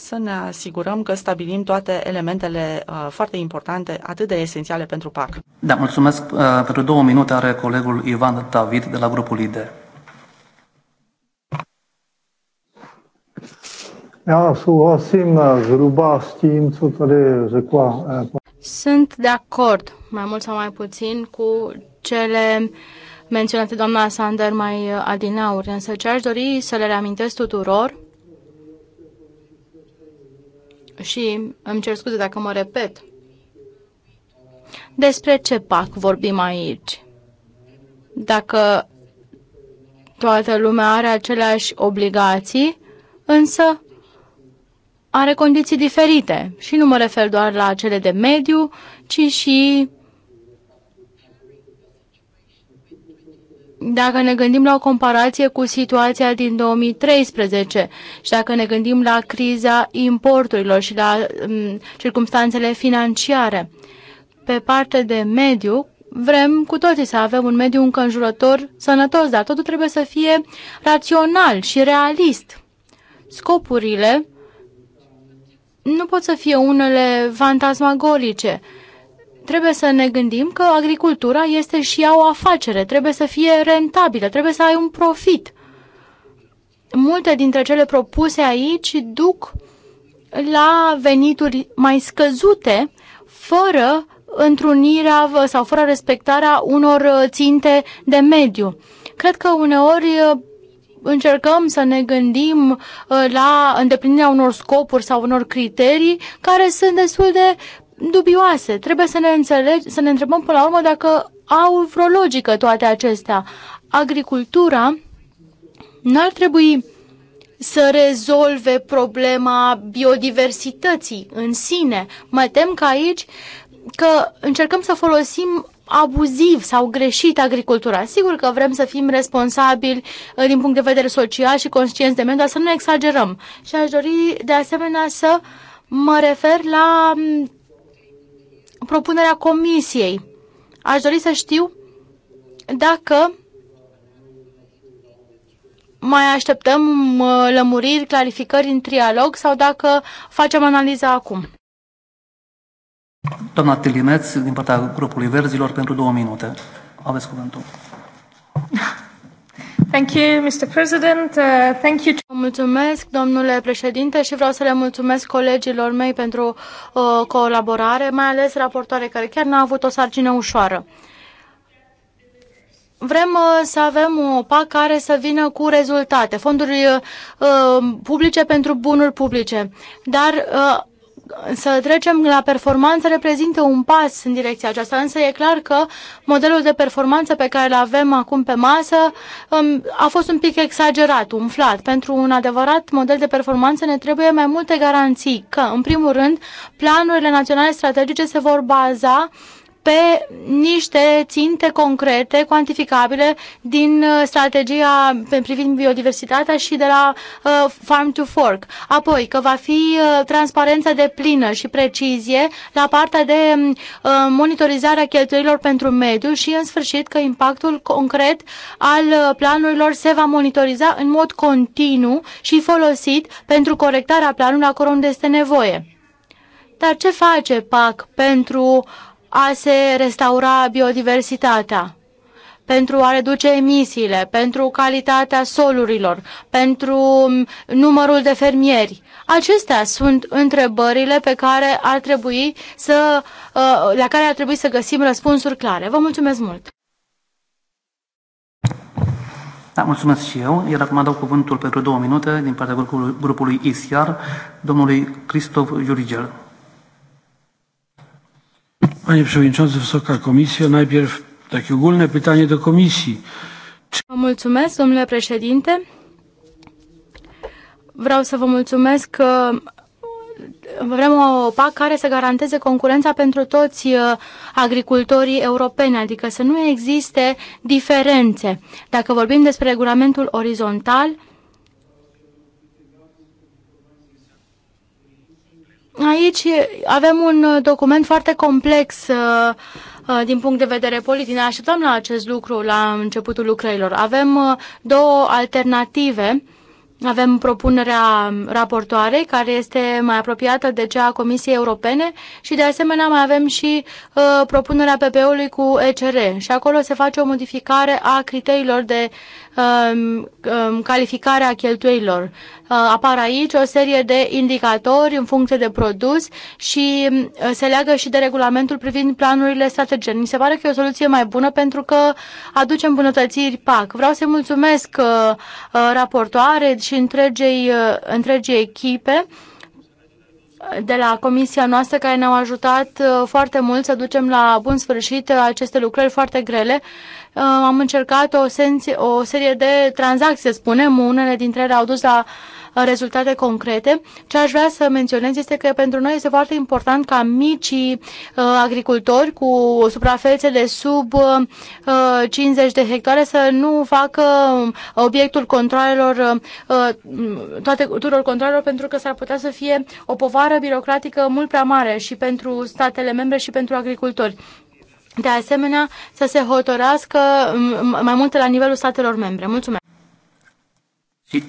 să ne asigurăm că stabilim toate elementele uh, foarte importante, atât de esențiale pentru PAC. Da, mulțumesc. Uh, pentru două minute are colegul Ivan David de la grupul IDE. Eh, Sunt de acord, mai mult sau mai puțin, cu cele menționate doamna Sander mai eh, adinauri, însă ce aș dori să le reamintesc tuturor și îmi cer scuze dacă mă repet. Despre ce PAC vorbim aici? Dacă toată lumea are aceleași obligații, însă are condiții diferite. Și nu mă refer doar la cele de mediu, ci și dacă ne gândim la o comparație cu situația din 2013 și dacă ne gândim la criza importurilor și la um, circumstanțele financiare, pe partea de mediu, vrem cu toții să avem un mediu înconjurător sănătos, dar totul trebuie să fie rațional și realist. Scopurile nu pot să fie unele fantasmagorice, Trebuie să ne gândim că agricultura este și ea o afacere, trebuie să fie rentabilă, trebuie să ai un profit. Multe dintre cele propuse aici duc la venituri mai scăzute, fără întrunirea sau fără respectarea unor uh, ținte de mediu. Cred că uneori uh, încercăm să ne gândim uh, la îndeplinirea unor scopuri sau unor criterii care sunt destul de dubioase. Trebuie să ne, înțelege, să ne întrebăm până la urmă dacă au vreo logică toate acestea. Agricultura n-ar trebui să rezolve problema biodiversității în sine. Mă tem că aici că încercăm să folosim abuziv sau greșit agricultura. Sigur că vrem să fim responsabili uh, din punct de vedere social și conștienți de mediu, dar să nu exagerăm. Și aș dori de asemenea să mă refer la mm, propunerea comisiei. Aș dori să știu dacă mai așteptăm lămuriri, clarificări în trialog sau dacă facem analiza acum. Doamna Tilimeț, din partea grupului Verzilor, pentru două minute. Aveți cuvântul. Thank you, Mr. President. Uh, thank you. Mulțumesc, domnule președinte, și vreau să le mulțumesc colegilor mei pentru uh, colaborare, mai ales raportoare care chiar n-a avut o sarcină ușoară vrem uh, să avem o PAC care să vină cu rezultate, fonduri uh, publice pentru bunuri publice. Dar uh, să trecem la performanță reprezintă un pas în direcția aceasta, însă e clar că modelul de performanță pe care îl avem acum pe masă um, a fost un pic exagerat, umflat. Pentru un adevărat model de performanță ne trebuie mai multe garanții că, în primul rând, planurile naționale strategice se vor baza pe niște ținte concrete, cuantificabile, din uh, strategia privind biodiversitatea și de la uh, Farm to Fork. Apoi, că va fi uh, transparență de plină și precizie la partea de um, uh, monitorizarea cheltuielilor pentru mediu și, în sfârșit, că impactul concret al uh, planurilor se va monitoriza în mod continuu și folosit pentru corectarea planului acolo unde este nevoie. Dar ce face PAC pentru uh, a se restaura biodiversitatea, pentru a reduce emisiile, pentru calitatea solurilor, pentru mm, numărul de fermieri. Acestea sunt întrebările pe care ar trebui să, uh, la care ar trebui să găsim răspunsuri clare. Vă mulțumesc mult! Da, mulțumesc și eu. Iar acum dau cuvântul pentru două minute din partea grupului, ISIAR, domnului Cristof Iurigel. Panie Przewodniczący, Wysoka Komisjo, najpierw takie ogólne pytanie do Komisji. Mulțumesc, domnule președinte. Vreau să vă mulțumesc că vrem o PAC care să garanteze concurența pentru toți uh, agricultorii europeni, adică să nu existe diferențe. Dacă vorbim despre regulamentul orizontal, aici avem un uh, document foarte complex uh, uh, din punct de vedere politic. Ne așteptăm la acest lucru la începutul lucrărilor. Avem două alternative. Avem propunerea raportoarei, care este mai apropiată de cea a Comisiei Europene și, de asemenea, mai avem și uh, propunerea PP-ului cu ECR. Și acolo se face o modificare a criteriilor de Um, um, calificarea cheltuielor. Uh, apar aici o serie de indicatori în funcție de produs și um, uh, se leagă și de regulamentul privind planurile strategice. Mi se pare că e o soluție mai bună pentru că aduce îmbunătățiri PAC. Vreau să-i mulțumesc uh, raportoare și întregei, întregii echipe de la comisia noastră care ne-au ajutat foarte mult să ducem la bun sfârșit aceste lucrări foarte grele am încercat o, senzi, o serie de tranzacții, să spunem, unele dintre ele au dus la uh, rezultate concrete. Ce aș vrea să menționez este că pentru noi este foarte important ca micii uh, agricultori cu suprafețe de sub uh, 50 uh, de hectare să nu facă uh, obiectul controlelor, uh, toate tuturor controlelor, pentru că s-ar putea să fie o povară birocratică mult prea mare și pentru statele membre și pentru agricultori de asemenea, să se hotărască mai multe la nivelul statelor membre. Mulțumesc!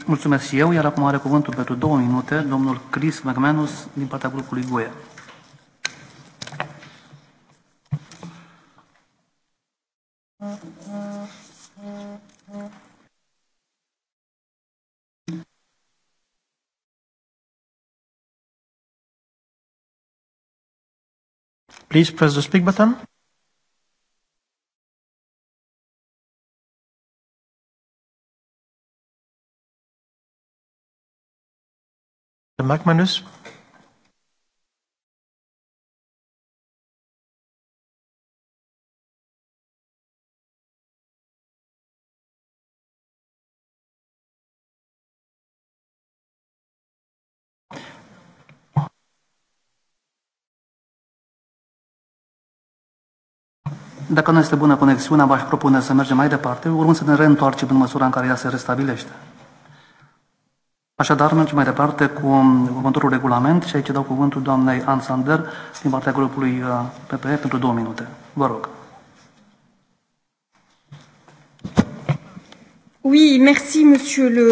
Mulțumesc și eu, iar acum are cuvântul pentru două minute domnul Chris McManus din partea grupului GUE. Please press the speak button. Dacă nu este bună conexiunea, v-aș propune să mergem mai departe, urmând să ne reîntoarcem în măsura în care ea se restabilește. Așadar, mergem mai departe um, cu următorul regulament și aici dau cuvântul doamnei Ann Sander din partea grupului uh, PPE pentru două minute. Vă rog. Oui, merci, monsieur le...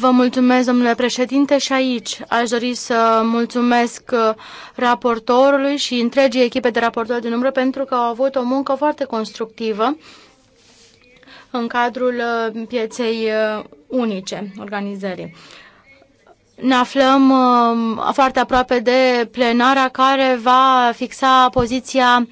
Vă mulțumesc, domnule președinte, și aici aș dori să mulțumesc uh, raportorului și întregii echipe de raportori din număr pentru că au avut o muncă foarte constructivă în cadrul uh, pieței uh, unice organizării. Ne aflăm uh, foarte aproape de plenara care va fixa poziția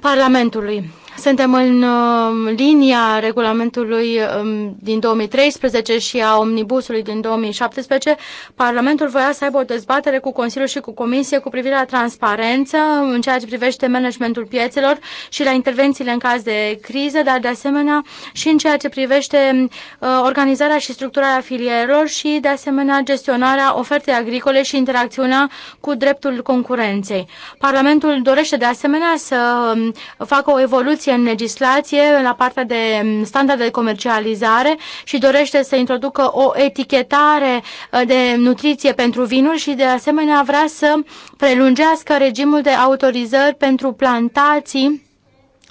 Parlamentului. Suntem în uh, linia regulamentului um, din 2013 și a omnibusului din 2017. Parlamentul voia să aibă o dezbatere cu Consiliul și cu Comisie cu privire la transparență în ceea ce privește managementul piețelor și la intervențiile în caz de criză, dar de asemenea și în ceea ce privește um, uh, organizarea și structurarea filierelor și de asemenea gestionarea ofertei agricole și interacțiunea cu dreptul concurenței. Parlamentul dorește de asemenea să um, facă o evoluție discuție în legislație la partea de standarde de comercializare și dorește să introducă o etichetare uh, de nutriție pentru vinuri și de asemenea vrea să prelungească regimul de autorizări pentru plantații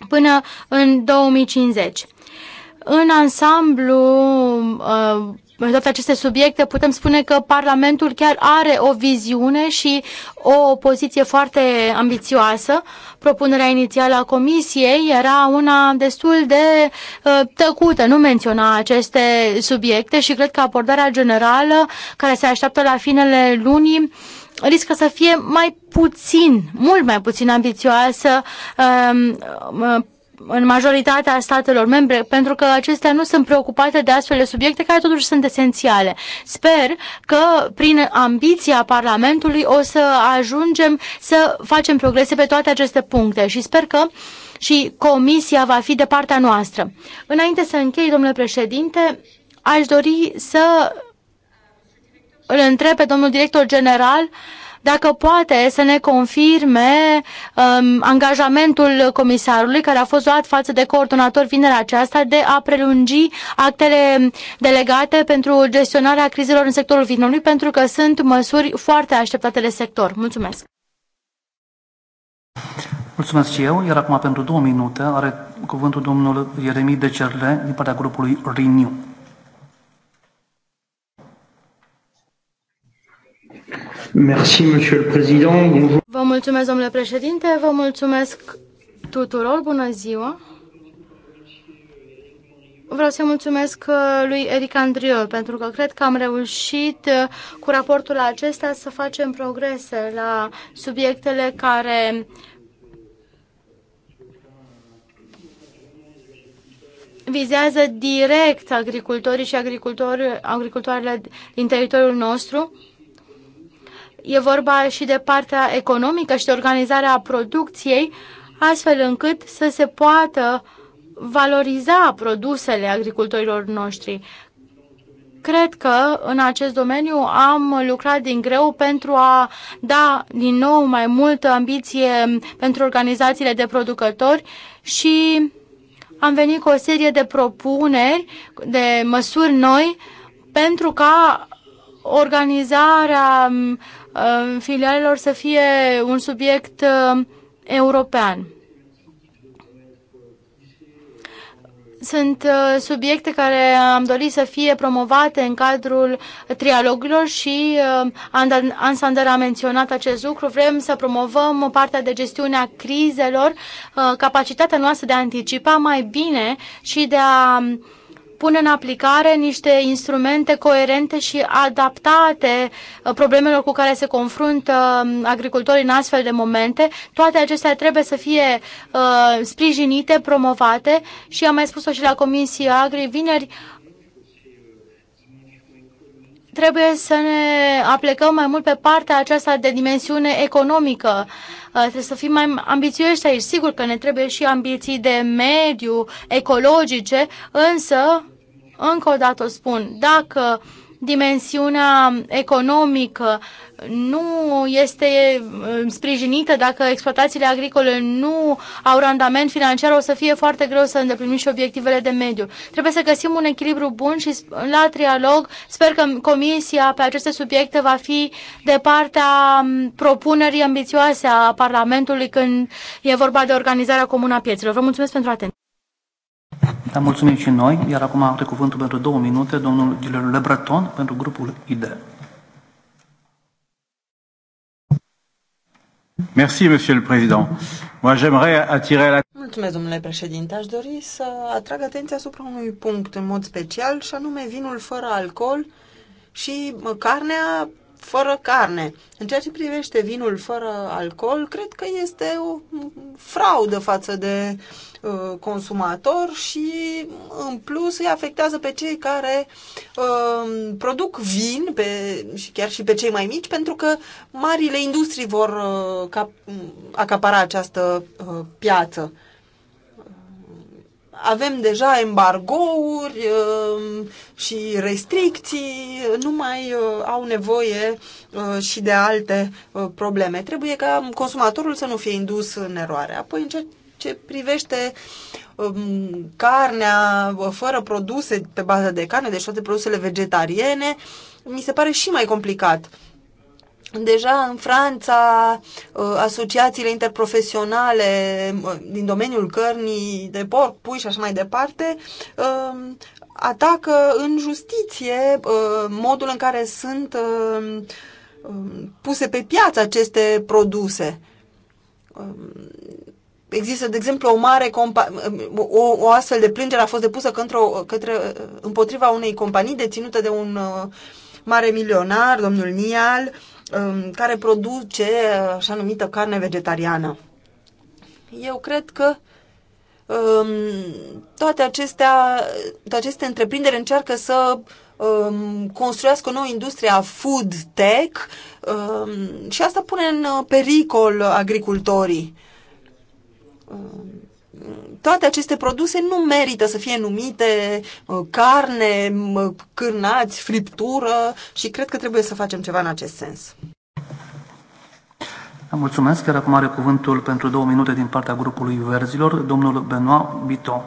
până în 2050. În ansamblu, uh, în toate aceste subiecte, putem spune că Parlamentul chiar are o viziune și o poziție foarte ambițioasă. Propunerea inițială a Comisiei era una destul de uh, tăcută, nu menționa aceste subiecte și cred că abordarea generală, care se așteaptă la finele lunii, riscă să fie mai puțin, mult mai puțin ambițioasă um, uh, în majoritatea statelor membre, pentru că acestea nu sunt preocupate de astfel de subiecte care totuși sunt esențiale. Sper că prin ambiția Parlamentului o să ajungem să facem progrese pe toate aceste puncte și sper că și Comisia va fi de partea noastră. Înainte să închei, domnule președinte, aș dori să îl întreb pe domnul director general uh, dacă poate să ne confirme um, angajamentul comisarului care a fost luat față de coordonator vinerea aceasta de a prelungi actele delegate pentru gestionarea crizelor în sectorul vinului pentru că sunt măsuri foarte așteptate de sector. Mulțumesc! Mulțumesc și eu, iar acum pentru două minute are cuvântul domnul Ieremi Decerle din partea grupului Renew. Merci, Monsieur le Président. Bonjour. Vă mulțumesc, domnule președinte, vă mulțumesc tuturor, bună ziua. Vreau să mulțumesc uh, lui Eric Andrieu, pentru că cred că am reușit uh, cu raportul acesta să facem progrese la subiectele care vizează direct agricultorii și agricultori, din teritoriul nostru E vorba și de partea economică și de organizarea producției, astfel încât să se poată valoriza produsele agricultorilor noștri. Cred că în acest domeniu am lucrat din greu pentru a da din nou mai multă ambiție pentru organizațiile de producători și am venit cu o serie de propuneri, de măsuri noi pentru ca organizarea Uh, filialelor să fie un subiect uh, european. sunt uh, subiecte care am dorit să fie promovate în cadrul trialogurilor și Ansander a menționat acest lucru. Vrem să promovăm partea de gestiune a crizelor, capacitatea noastră de a anticipa mai bine și de a pune în aplicare niște instrumente coerente și adaptate uh, problemelor cu care se confruntă um, agricultorii în astfel de momente. Toate acestea trebuie să fie uh, sprijinite, promovate și am mai spus-o și la Comisia Agri vineri, trebuie să ne aplecăm mai mult pe partea aceasta de dimensiune economică. Uh, Uh, trebuie să fim mai ambițioși aici. Sigur că ne trebuie și ambiții de mediu, ecologice, însă, încă o dată o spun, dacă uh, dimensiunea economică nu este uh, sprijinită, dacă exploatațiile agricole nu au randament financiar, o să fie foarte greu să îndeplinim și obiectivele de mediu. Trebuie să găsim un echilibru bun și la trialog sper că Comisia pe aceste subiecte va fi de partea um, propunerii ambițioase a Parlamentului când e vorba de organizarea comună a piețelor. Vă mulțumesc pentru atenție. Da, mulțumim și noi. Iar acum are cuvântul pentru două minute domnul Le Breton pentru grupul IDE. Merci, Monsieur le Président. Moi, j'aimerais attirer la... Mulțumesc, domnule președinte. Aș dori să atrag atenția asupra unui punct în mod special, și anume vinul fără alcool și carnea fără carne. În ceea ce privește vinul fără alcool, cred că este o fraudă față de uh, Uh, consumator și în plus îi afectează pe cei care uh, produc vin pe, și chiar și pe cei mai mici pentru că marile industrii vor uh, cap, acapara această uh, piață. Avem deja embargouri uh, și restricții, nu mai uh, au nevoie și de alte probleme. Trebuie ca consumatorul să nu fie indus în eroare. Apoi, în ce privește um, carnea uh, fără produse pe bază de carne, deci toate produsele vegetariene, mi se pare și mai complicat. Deja în Franța, uh, asociațiile interprofesionale uh, din domeniul cărnii de porc, pui și așa mai departe, um, atacă în justiție modul în care sunt um, um, puse pe piață aceste produse. Există, de exemplu, o mare o, o astfel de plângere a fost depusă către, către, împotriva unei companii deținută de un uh, mare milionar, domnul Nial, um, care produce uh, așa numită carne vegetariană. Eu cred că um, toate, acestea, toate aceste întreprinderi încearcă să um, construiască o nouă industrie a food tech um, și asta pune în uh, pericol agricultorii toate aceste produse nu merită să fie numite uh, carne, cârnați, friptură și cred că trebuie să facem ceva în acest sens. Mulțumesc, iar acum are cuvântul pentru două minute din partea grupului Verzilor, domnul Benoit Bito.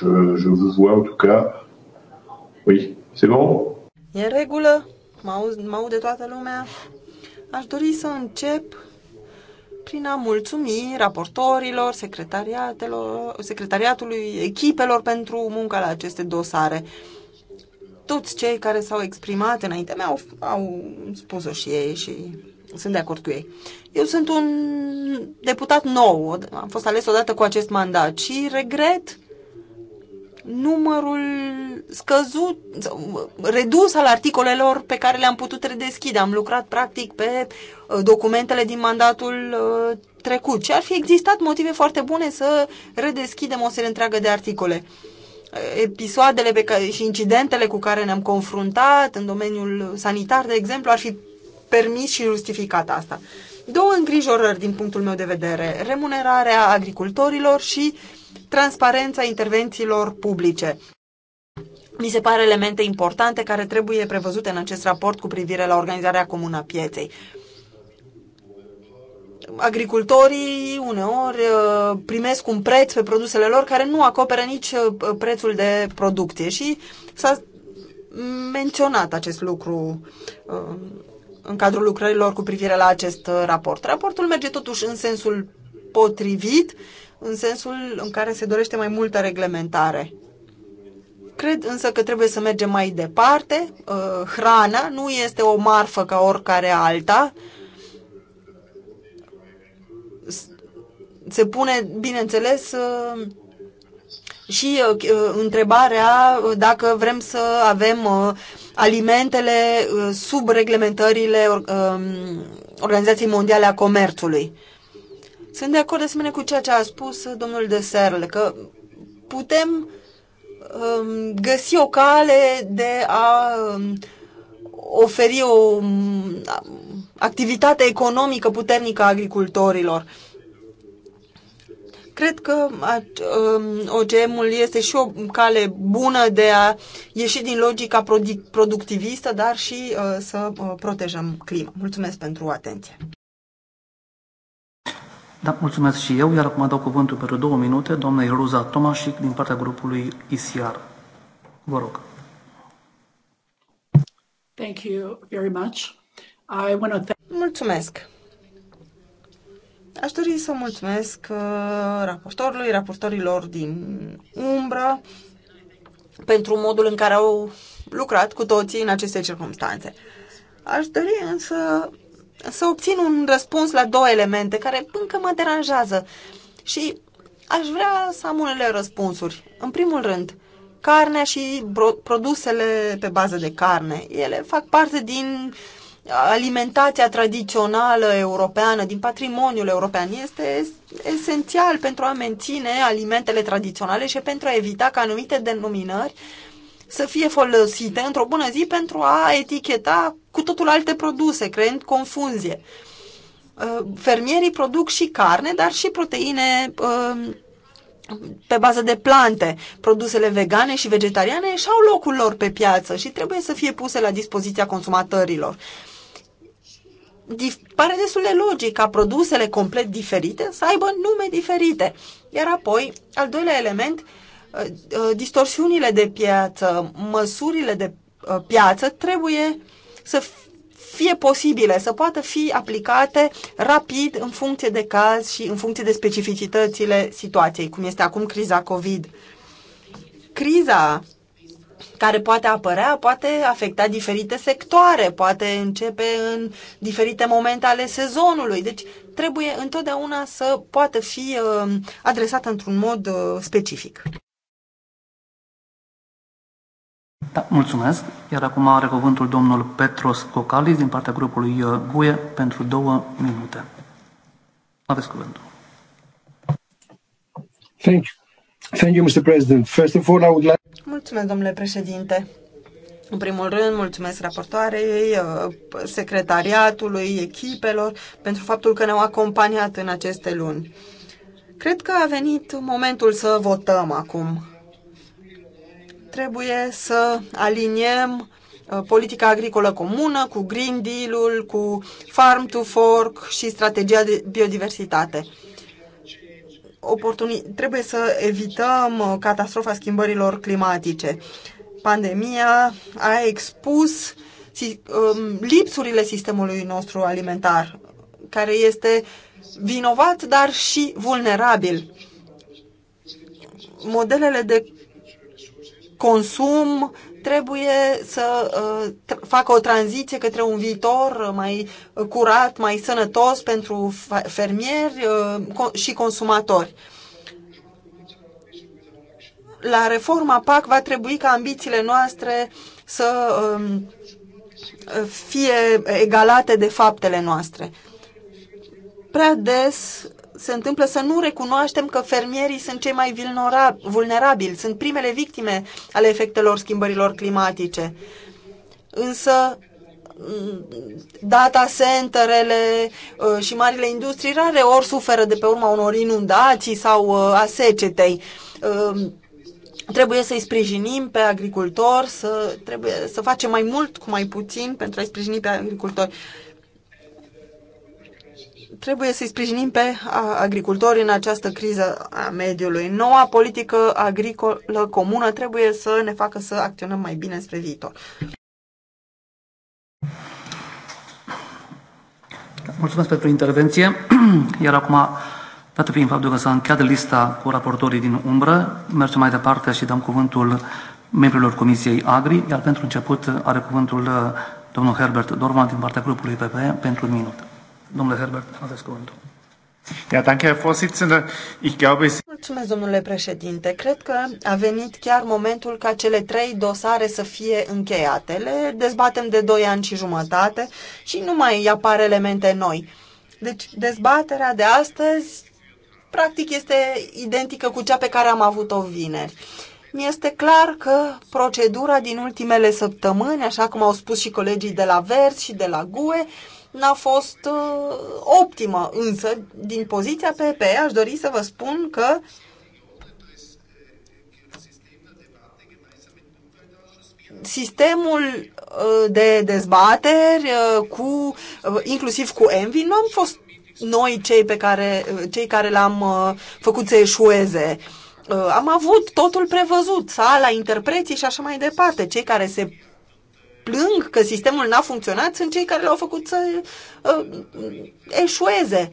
recherche, je vous vois en tout cas. Oui, c'est bon? E în regulă? Mă aud, mă aude toată lumea? Aș dori să încep prin a mulțumi raportorilor, secretariatelor, secretariatului, echipelor pentru munca la aceste dosare. Toți cei care s-au exprimat înainte mea au, au spus-o și ei și sunt de acord cu ei. Eu sunt un deputat nou, am fost ales odată cu acest mandat și regret numărul scăzut, redus al articolelor pe care le-am putut redeschide. Am lucrat practic pe uh, documentele din mandatul uh, trecut și ar fi existat motive foarte bune să redeschidem o serie întreagă de articole. Uh, episoadele pe care, și incidentele cu care ne-am confruntat în domeniul sanitar, de exemplu, ar fi permis și justificat asta. Două îngrijorări din punctul meu de vedere. Remunerarea agricultorilor și uh, transparența intervențiilor publice. Mi se pare elemente importante care trebuie prevăzute în acest raport cu privire la organizarea comună a pieței. Agricultorii uneori uh, primesc un preț pe produsele lor care nu acoperă nici uh, prețul de producție și s-a menționat acest lucru uh, în cadrul lucrărilor cu privire la acest raport. Raportul merge totuși în sensul potrivit în sensul în care se dorește mai multă reglementare. Cred însă că trebuie să mergem mai departe. Uh, hrana nu este o marfă ca oricare alta. Se pune, bineînțeles, uh, și uh, întrebarea dacă vrem să avem alimentele sub reglementările um, Organizației Mondiale a Comerțului sunt de acord de asemenea cu ceea ce a spus domnul de Serle, că putem um, găsi o cale de a um, oferi o um, activitate economică puternică a agricultorilor. Cred că um, OGM-ul este și o cale bună de a ieși din logica productivistă, dar și uh, să uh, protejăm clima. Mulțumesc pentru atenție! Da, mulțumesc și eu, iar acum dau cuvântul pentru două minute doamnei Ruza Tomașic din partea grupului ICR. Vă rog. Thank you very much. I want to thank... Mulțumesc. Aș dori să mulțumesc uh, raportorului, raportorilor din umbră pentru modul în care au lucrat cu toții în aceste circunstanțe. Aș dori însă să obțin un răspuns la două elemente care încă mă deranjează. Și aș vrea să am unele răspunsuri. În primul rând, carnea și produsele pe bază de carne. Ele fac parte din alimentația tradițională europeană, din patrimoniul european. Este esențial pentru a menține alimentele tradiționale și pentru a evita ca anumite denominări uh, să fie folosite într-o bună zi pentru a eticheta cu totul alte produse, creând confuzie. Uh, fermierii produc și carne, dar și proteine uh, pe bază de plante. Produsele vegane și vegetariane și au locul lor pe piață și trebuie să fie puse la dispoziția consumatorilor. Pare destul de logic ca produsele complet diferite să aibă nume diferite. Iar apoi, al doilea element Uh, uh, distorsiunile de piață, măsurile de uh, piață trebuie să fie posibile, să poată fi aplicate rapid în funcție de caz și în funcție de specificitățile situației, cum este acum criza COVID. Criza care poate apărea, poate afecta diferite sectoare, poate începe în diferite momente ale sezonului. Deci trebuie întotdeauna să poată fi adresată într-un mod specific. Da, mulțumesc. Iar acum are cuvântul domnul Petros Cocalis din partea grupului uh, GUE pentru două minute. Aveți cuvântul. Thank you. Thank you, Mr. President. First of all, I would like... Mulțumesc, domnule președinte. În primul rând, mulțumesc raportoarei, uh, secretariatului, echipelor pentru faptul că ne-au acompaniat în aceste luni. Cred că a venit momentul să votăm acum. Trebuie să aliniem uh, politica agricolă comună cu Green Deal-ul, cu Farm to Fork și strategia de biodiversitate. Oportuni... Trebuie să evităm uh, catastrofa schimbărilor climatice. Pandemia a expus um, lipsurile sistemului nostru alimentar, care este vinovat, dar și vulnerabil. Modelele de consum, trebuie să uh, facă o tranziție către un viitor mai curat, mai sănătos pentru fermieri uh, și consumatori. La reforma PAC va trebui ca ambițiile noastre să um, fie egalate de faptele noastre. Prea des se întâmplă să nu recunoaștem că fermierii sunt cei mai vulnerabili, sunt primele victime ale efectelor schimbărilor climatice. Însă data centerele uh, și marile industrii rare ori suferă de pe urma unor inundații sau uh, a secetei. Uh, trebuie să-i sprijinim pe agricultori, să, trebuie să facem mai mult cu mai puțin pentru a-i sprijini pe agricultori. Trebuie să-i sprijinim pe agricultori în această criză a mediului. Noua politică agricolă comună trebuie să ne facă să acționăm mai bine spre viitor. Mulțumesc pentru intervenție. Iar acum, dată prin faptul că s-a încheiat lista cu raportorii din umbră, mergem mai departe și dăm cuvântul membrilor Comisiei Agri, iar pentru început are cuvântul uh, domnul Herbert Dorman din partea grupului PPE pentru un minut. Domnule Herbert, aveți cuvântul. Mulțumesc, domnule președinte. Cred că a venit chiar momentul ca cele trei dosare să fie încheiate. Le dezbatem de doi ani și jumătate și nu mai apar elemente noi. Deci dezbaterea de astăzi practic este identică cu cea pe care am avut-o vineri. mi Este clar că procedura din ultimele săptămâni, așa cum au spus și colegii de la Vers și de la GUE, n-a fost uh, optimă, însă din poziția PP aș dori să vă spun că sistemul uh, de dezbateri uh, cu, uh, inclusiv cu Envy, nu am fost noi cei, pe care, cei care l-am făcut să eșueze. Am avut totul prevăzut, sala, interpreții și așa mai departe. Cei care se plâng că sistemul n-a funcționat sunt cei care l-au făcut să uh, eșueze.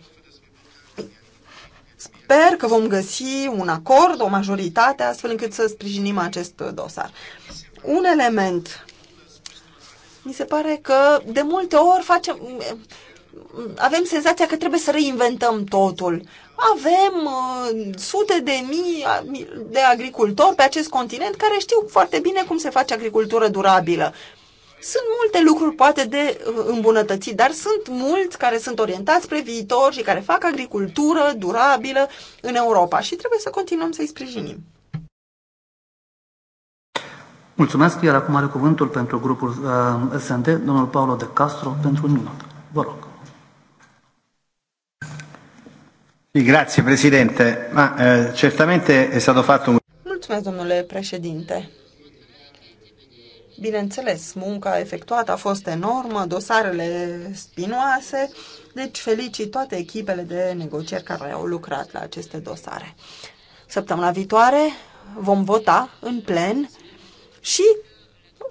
Sper că vom găsi un acord, o majoritate, astfel încât să sprijinim acest dosar. Un element. Mi se pare că de multe ori facem, avem senzația că trebuie să reinventăm totul. Avem uh, sute de mii de agricultori pe acest continent care știu foarte bine cum se face agricultură durabilă. Uh, sunt multe lucruri poate de uh, îmbunătățit, dar sunt mulți care sunt orientați spre viitor și care fac agricultură durabilă în Europa și trebuie să continuăm să-i sprijinim. Mulțumesc, iar acum are cuvântul pentru grupul uh, SND, domnul Paolo de Castro, pentru un minut. Vă rog. Grazie, Presidente. Ma, uh, certamente è stato fatto un... Mulțumesc, domnule președinte. Bineînțeles, munca efectuată a fost enormă, dosarele spinoase, deci felicit toate echipele de negocieri care au lucrat la aceste dosare. Săptămâna viitoare vom vota în plen și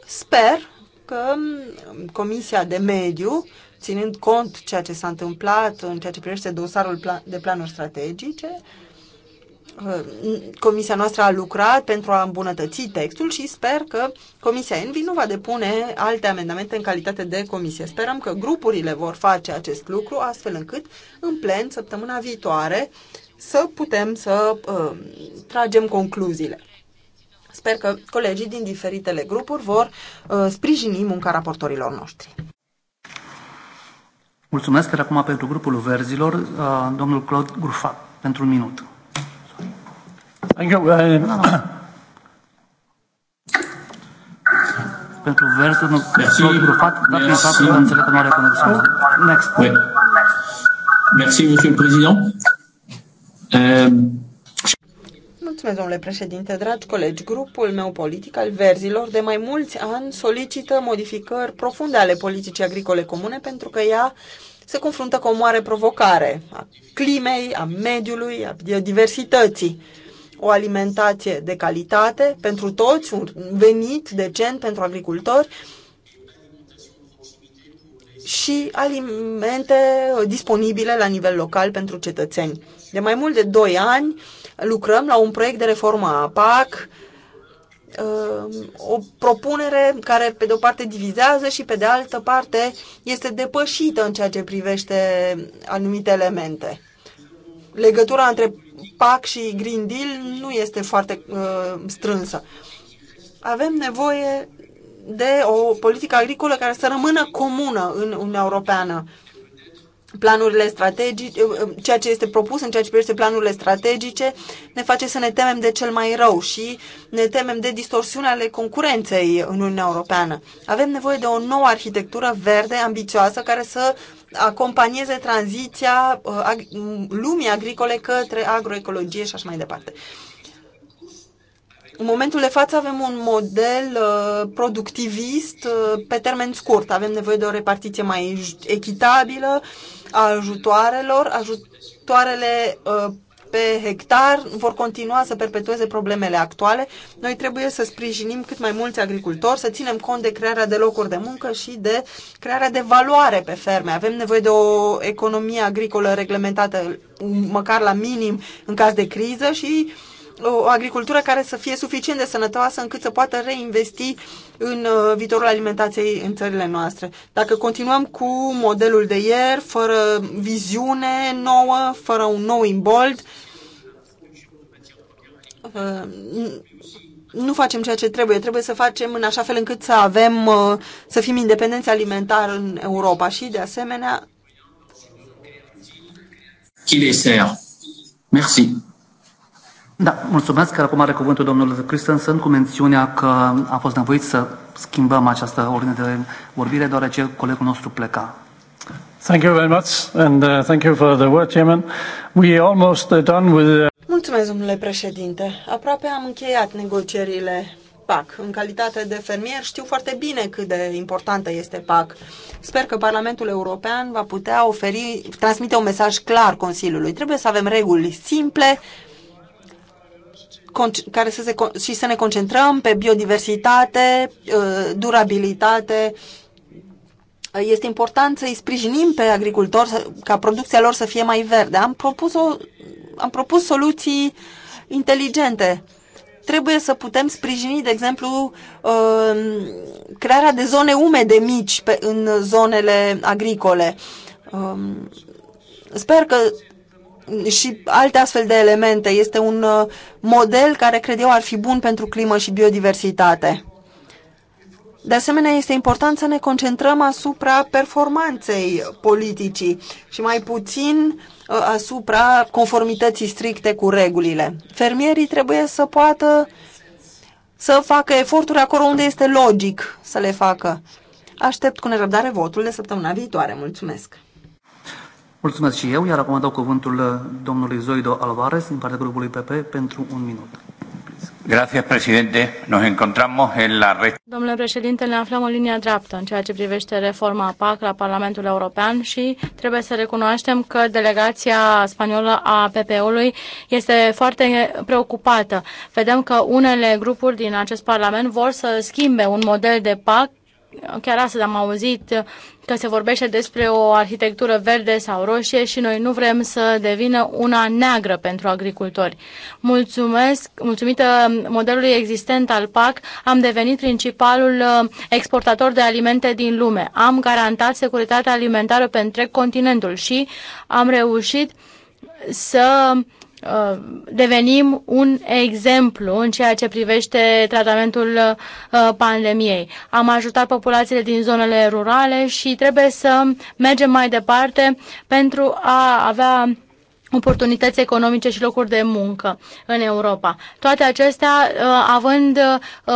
sper că mm, Comisia de Mediu, ținând cont ceea ce s-a întâmplat în ceea ce privește dosarul de planuri strategice, Uh, comisia noastră a lucrat pentru a îmbunătăți textul și sper că Comisia Envi nu va depune alte amendamente în calitate de comisie. Sperăm că grupurile vor face acest lucru astfel încât în plen săptămâna viitoare să putem să uh, tragem concluziile. Sper că colegii din diferitele grupuri vor uh, sprijini munca raportorilor noștri. Mulțumesc, acum pentru grupul verzilor, uh, domnul Claude Grufat, pentru un minut. Pentru versul nu pentru fapt, dar prin faptul că înțeleg că nu are până conexiune. Next. Oui. Merci, Monsieur le Président. Uh... Mulțumesc, domnule președinte. Dragi colegi, grupul meu politic al verzilor de mai mulți ani solicită modificări profunde ale politicii agricole comune pentru că ea se confruntă cu o mare provocare a climei, a mediului, a biodiversității o alimentație de calitate pentru toți, un venit decent pentru agricultori și alimente disponibile la nivel local pentru cetățeni. De mai mult de 2 ani lucrăm la un proiect de reformă a PAC, um, o propunere care pe de o parte divizează și pe de altă parte este depășită în ceea ce privește anumite elemente. Legătura între PAC și Green Deal nu este foarte uh, strânsă. Avem nevoie de o politică agricolă care să rămână comună în Uniunea Europeană. Planurile strategice, uh, uh, ceea ce este propus în ceea ce privește planurile strategice, ne face să ne temem de cel mai rău și ne temem de distorsiunea ale concurenței în Uniunea Europeană. Avem nevoie de o nouă arhitectură verde, ambițioasă, care să uh, acompanieze tranziția uh, lumii agricole către agroecologie și așa mai departe. În momentul de față avem un model uh, productivist uh, pe termen scurt. Avem nevoie de o repartiție mai echitabilă a ajutoarelor. Ajutoarele pe hectar vor continua să perpetueze problemele actuale. Noi trebuie să sprijinim cât mai mulți agricultori, să ținem cont de crearea de locuri de muncă și de crearea de valoare pe ferme. Avem nevoie de o economie agricolă reglementată măcar la minim în caz de criză și uh, o agricultură care să fie suficient de sănătoasă încât să poată reinvesti în uh, viitorul alimentației în țările noastre. Dacă continuăm cu modelul de ieri, fără viziune nouă, fără un nou imbold, uh, nu facem ceea ce trebuie. Trebuie să facem în așa fel încât să avem, uh, să fim independenți alimentar în Europa și, de asemenea, qui les sert. Merci. Da, mulțumesc. că acum are cuvântul domnul Christensen cu mențiunea că a fost nevoit să schimbăm această ordine de vorbire deoarece colegul nostru pleca. Thank you very much and uh, thank you for the word, Chairman. We are almost uh, done with uh... Mulțumesc, domnule președinte. Aproape am încheiat negocierile PAC. În calitate de fermier știu foarte bine cât de importantă este PAC. Sper că Parlamentul European va putea oferi, transmite un mesaj clar Consiliului. Trebuie să avem reguli simple, care să se, și să ne concentrăm pe biodiversitate, uh, durabilitate. Uh, este important să îi sprijinim pe agricultori ca producția lor să fie mai verde. Am propus, o, am propus soluții inteligente. Trebuie să putem sprijini, de exemplu, uh, crearea de zone umede mici în zonele agricole. Um, sper că și alte astfel de elemente. Este un uh, model care cred eu ar fi bun pentru climă și biodiversitate. De asemenea, este important să ne concentrăm asupra performanței politicii și mai puțin uh, asupra conformității stricte cu regulile. Fermierii trebuie să poată să facă eforturi acolo unde este logic să le facă. Aștept cu nerăbdare votul de săptămâna viitoare. Mulțumesc! Mulțumesc și eu, iar acum dau cuvântul uh, domnului Zoido Alvarez din partea grupului PP pentru un minut. Gracias, presidente. Nos encontramos en la red. Domnule președinte, ne aflăm în linia dreaptă în ceea ce privește reforma PAC la Parlamentul European și trebuie să recunoaștem că delegația spaniolă a PP-ului este foarte preocupată. Vedem că unele grupuri din acest Parlament vor să schimbe un model de PAC Chiar astăzi am auzit că se vorbește despre o arhitectură verde sau roșie și noi nu vrem să devină una neagră pentru agricultori. Mulțumesc, mulțumită modelului existent al PAC, am devenit principalul uh, exportator de alimente din lume. Am garantat securitatea alimentară pe întreg continentul și am reușit să Uh, devenim un exemplu în ceea ce privește tratamentul uh, pandemiei. Am ajutat populațiile din zonele rurale și trebuie să mergem mai departe pentru a avea oportunități economice și locuri de muncă în Europa. Toate acestea uh, având uh,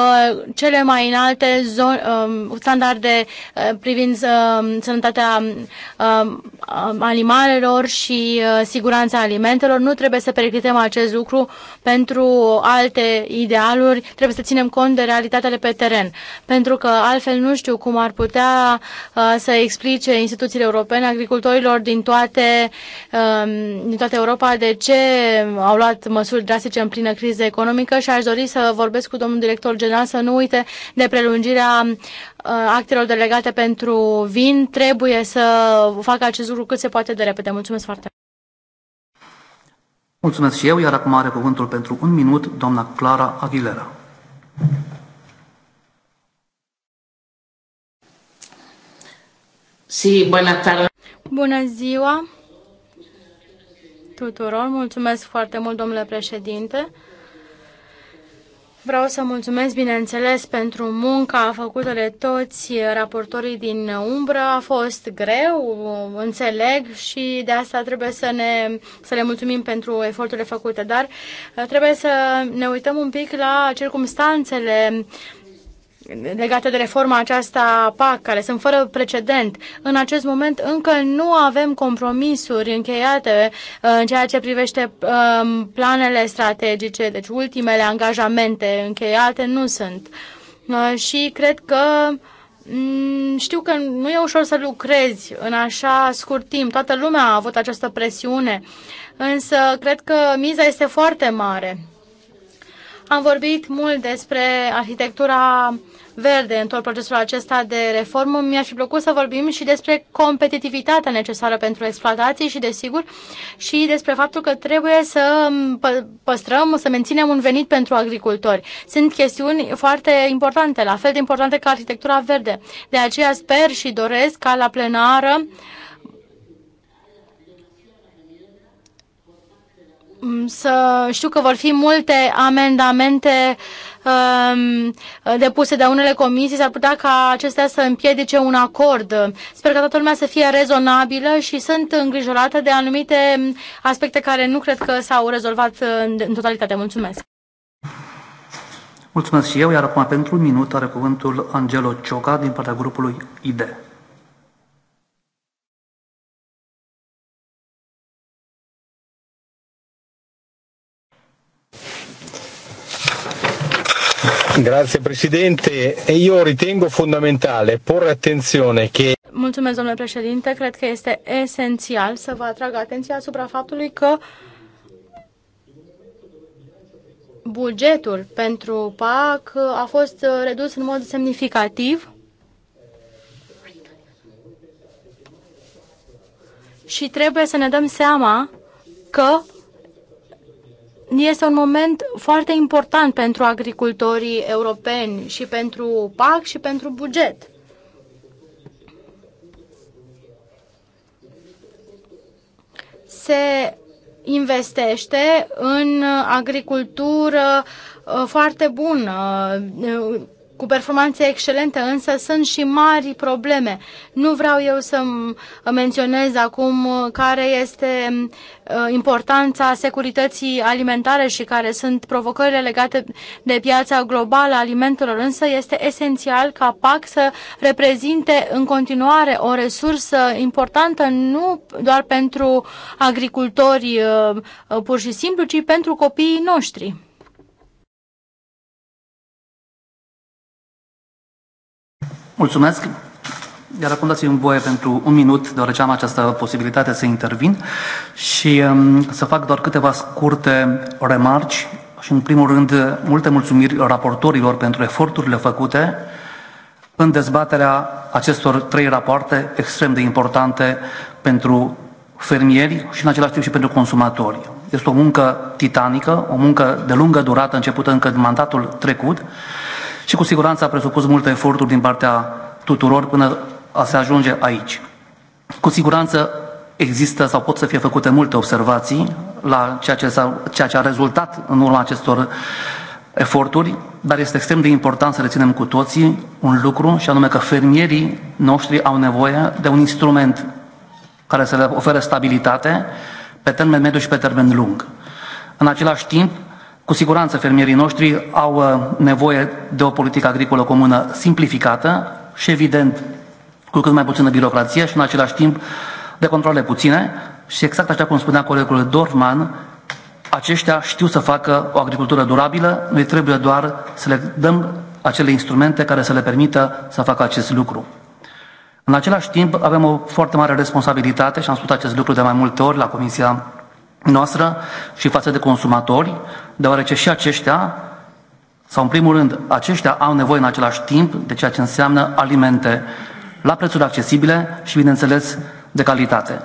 cele mai înalte um, standarde uh, privind sănătatea um, um, animalelor și siguranța alimentelor. Nu trebuie să periclităm acest lucru pentru alte idealuri. Trebuie să ținem cont de realitatele pe teren, pentru că altfel nu știu cum ar putea să explice instituțiile europene agricultorilor din toate din toată Europa de ce au luat măsuri drastice în plină criză economică și aș dori să vorbesc cu domnul director general să nu uite de prelungirea uh, actelor delegate pentru vin. Trebuie să facă acest lucru cât se poate de repede. Mulțumesc foarte mult! Mulțumesc și eu, iar acum are cuvântul pentru un minut doamna Clara Aguilera. Sí, buona tardes. Bună ziua! tuturor. Mulțumesc foarte mult, domnule președinte. Vreau să mulțumesc, bineînțeles, pentru munca făcută de toți raportorii din umbră. A fost greu, înțeleg și de asta trebuie să, ne, să le mulțumim pentru eforturile făcute, dar trebuie să ne uităm un pic la circumstanțele legate de reforma aceasta PAC, care sunt fără precedent. În acest moment încă nu avem compromisuri încheiate uh, în ceea ce privește um, planele strategice, deci ultimele angajamente încheiate nu sunt. Uh, și cred că mm, știu că nu e ușor să lucrezi în așa scurt timp. Toată lumea a avut această presiune, însă cred că miza este foarte mare. Am vorbit mult despre arhitectura verde în tot procesul acesta de reformă, mi-ar fi plăcut să vorbim și despre competitivitatea necesară pentru exploatații și, desigur, și despre faptul că trebuie să păstrăm, să menținem un venit pentru agricultori. Sunt chestiuni foarte importante, la fel de importante ca arhitectura verde. De aceea sper și doresc ca la plenară Mm, să știu că vor fi multe amendamente um, depuse de unele comisii, s-ar putea ca acestea să împiedice un acord. Sper că toată lumea să fie rezonabilă și sunt îngrijorată de anumite aspecte care nu cred că s-au rezolvat în totalitate. Mulțumesc! Mulțumesc și eu, iar acum pentru un minut are cuvântul Angelo Cioga din partea grupului IDE. Grazie Presidente, e io ritengo fondamentale porre attenzione che... Mulțumesc, domnule președinte, cred că este esențial să vă atrag atenția asupra faptului că bugetul pentru PAC a fost redus în mod semnificativ și trebuie să ne dăm seama că este un moment foarte important pentru agricultorii europeni și pentru PAC și pentru buget. Se investește în agricultură uh, foarte bună, uh, cu performanțe excelente, însă sunt și mari probleme. Nu vreau eu să menționez acum care este uh, importanța securității alimentare și care sunt provocările legate de piața globală a alimentelor, însă este esențial ca PAC să reprezinte în continuare o resursă importantă nu doar pentru agricultori uh, uh, pur și simplu, ci pentru copiii noștri. Mulțumesc. Iar acum dați-mi voie pentru un minut, deoarece am această posibilitate să intervin și um, să fac doar câteva scurte remarci și, în primul rând, multe mulțumiri raportorilor pentru eforturile făcute în dezbaterea acestor trei rapoarte extrem de importante pentru fermieri și, în același timp, și pentru consumatori. Este o muncă titanică, o muncă de lungă durată, începută încă în mandatul trecut, și cu siguranță a presupus multe eforturi din partea tuturor până a se ajunge aici. Cu siguranță există sau pot să fie făcute multe observații la ceea ce, a ceea ce a rezultat în urma acestor eforturi, dar este extrem de important să reținem cu toții un lucru și anume că fermierii noștri au nevoie de un instrument care să le ofere stabilitate pe termen mediu și pe termen lung. În același timp, cu siguranță fermierii noștri au uh, nevoie de o politică agricolă comună simplificată și, evident, cu cât mai puțină birocrație și, în același timp, de controle puține și, exact așa cum spunea colegul Dorfman, aceștia știu să facă o agricultură durabilă, noi trebuie doar să le dăm acele instrumente care să le permită să facă acest lucru. În același timp, avem o foarte mare responsabilitate și am spus acest lucru de mai multe ori la Comisia noastră și față de consumatori, deoarece și aceștia, sau în primul rând, aceștia au nevoie în același timp de ceea ce înseamnă alimente la prețuri accesibile și, bineînțeles, de calitate.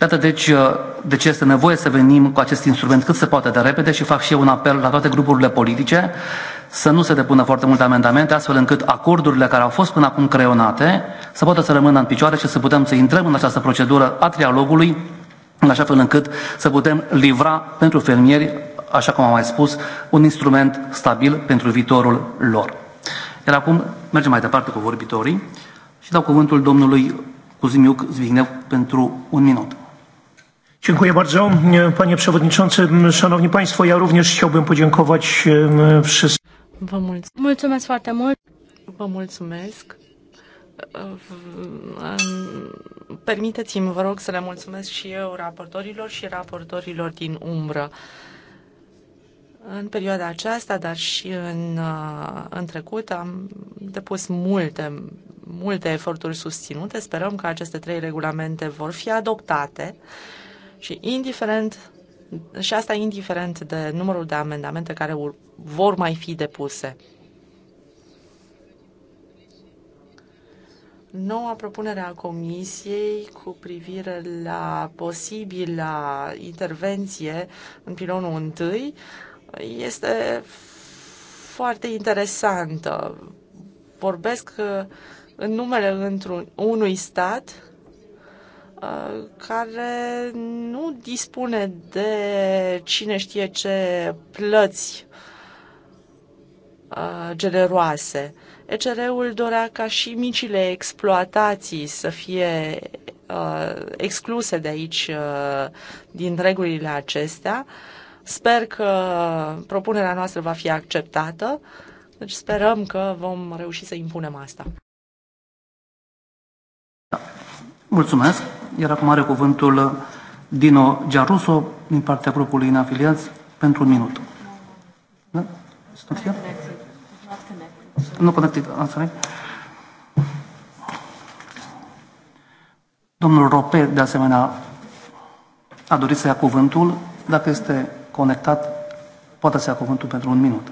Iată deci uh, de ce este nevoie să venim cu acest instrument cât se poate de repede și fac și eu un apel la toate grupurile politice să nu se depună foarte multe amendamente, astfel încât acordurile care au fost până acum creonate să poată să rămână în picioare și să putem să intrăm în această procedură a trialogului, în așa fel încât să putem livra pentru fermieri așa cum am mai spus, un instrument stabil pentru viitorul lor. Iar acum mergem mai departe cu vorbitorii și dau cuvântul domnului Kuzimiuk Zbigniew pentru un minut. Dziękuję bardzo, panie przewodniczący. Szanowni państwo, ja również chciałbym podziękować wszystkim. Vă mulțumesc. mulțumesc foarte mult. Vă mulțumesc. Permiteți-mi, vă rog, să le mulțumesc și eu raportorilor și raportorilor din umbră. În perioada aceasta, dar și în, uh, în trecut, am depus multe, multe eforturi susținute. Sperăm că aceste trei regulamente vor fi adoptate și indiferent și asta indiferent de numărul de amendamente care vor mai fi depuse. Noua propunere a Comisiei cu privire la posibilă intervenție în pilonul întâi uh, este foarte interesantă. Vorbesc uh, în numele într-un, unui stat uh, care nu dispune de cine știe ce plăți uh, generoase. ECR-ul dorea ca și micile exploatații să fie excluse de aici din regulile acestea. Uh, Sper că propunerea noastră va fi acceptată, deci sperăm că vom reuși să impunem asta. Mulțumesc. Iar acum are cuvântul Dino Giaruso din partea grupului Inafiliați pentru un minut. Da? Sunt Nu conectiv, ah, Domnul Rope, de asemenea, a dorit să ia cuvântul. Dacă este conectat, poate să ia cuvântul pentru un minut.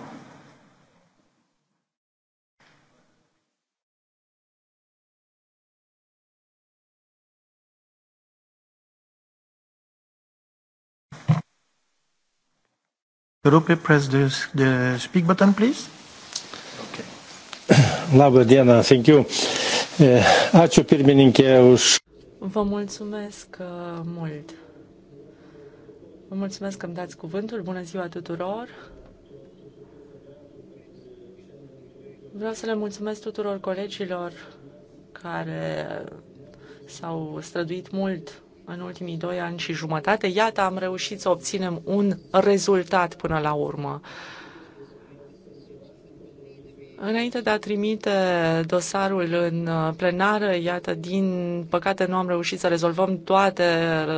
Rupe, press the, the speak button, please. Okay. Diana, thank you. Ačiū pirmininkė už. Vă mulțumesc uh, mult. Vă mulțumesc că îmi dați cuvântul. Bună ziua tuturor! Vreau să le mulțumesc tuturor colegilor care s-au străduit mult în ultimii doi ani și jumătate. Iată, am reușit să obținem un rezultat până la urmă. Înainte de a trimite dosarul în uh, plenară, iată, din păcate nu am reușit să rezolvăm toate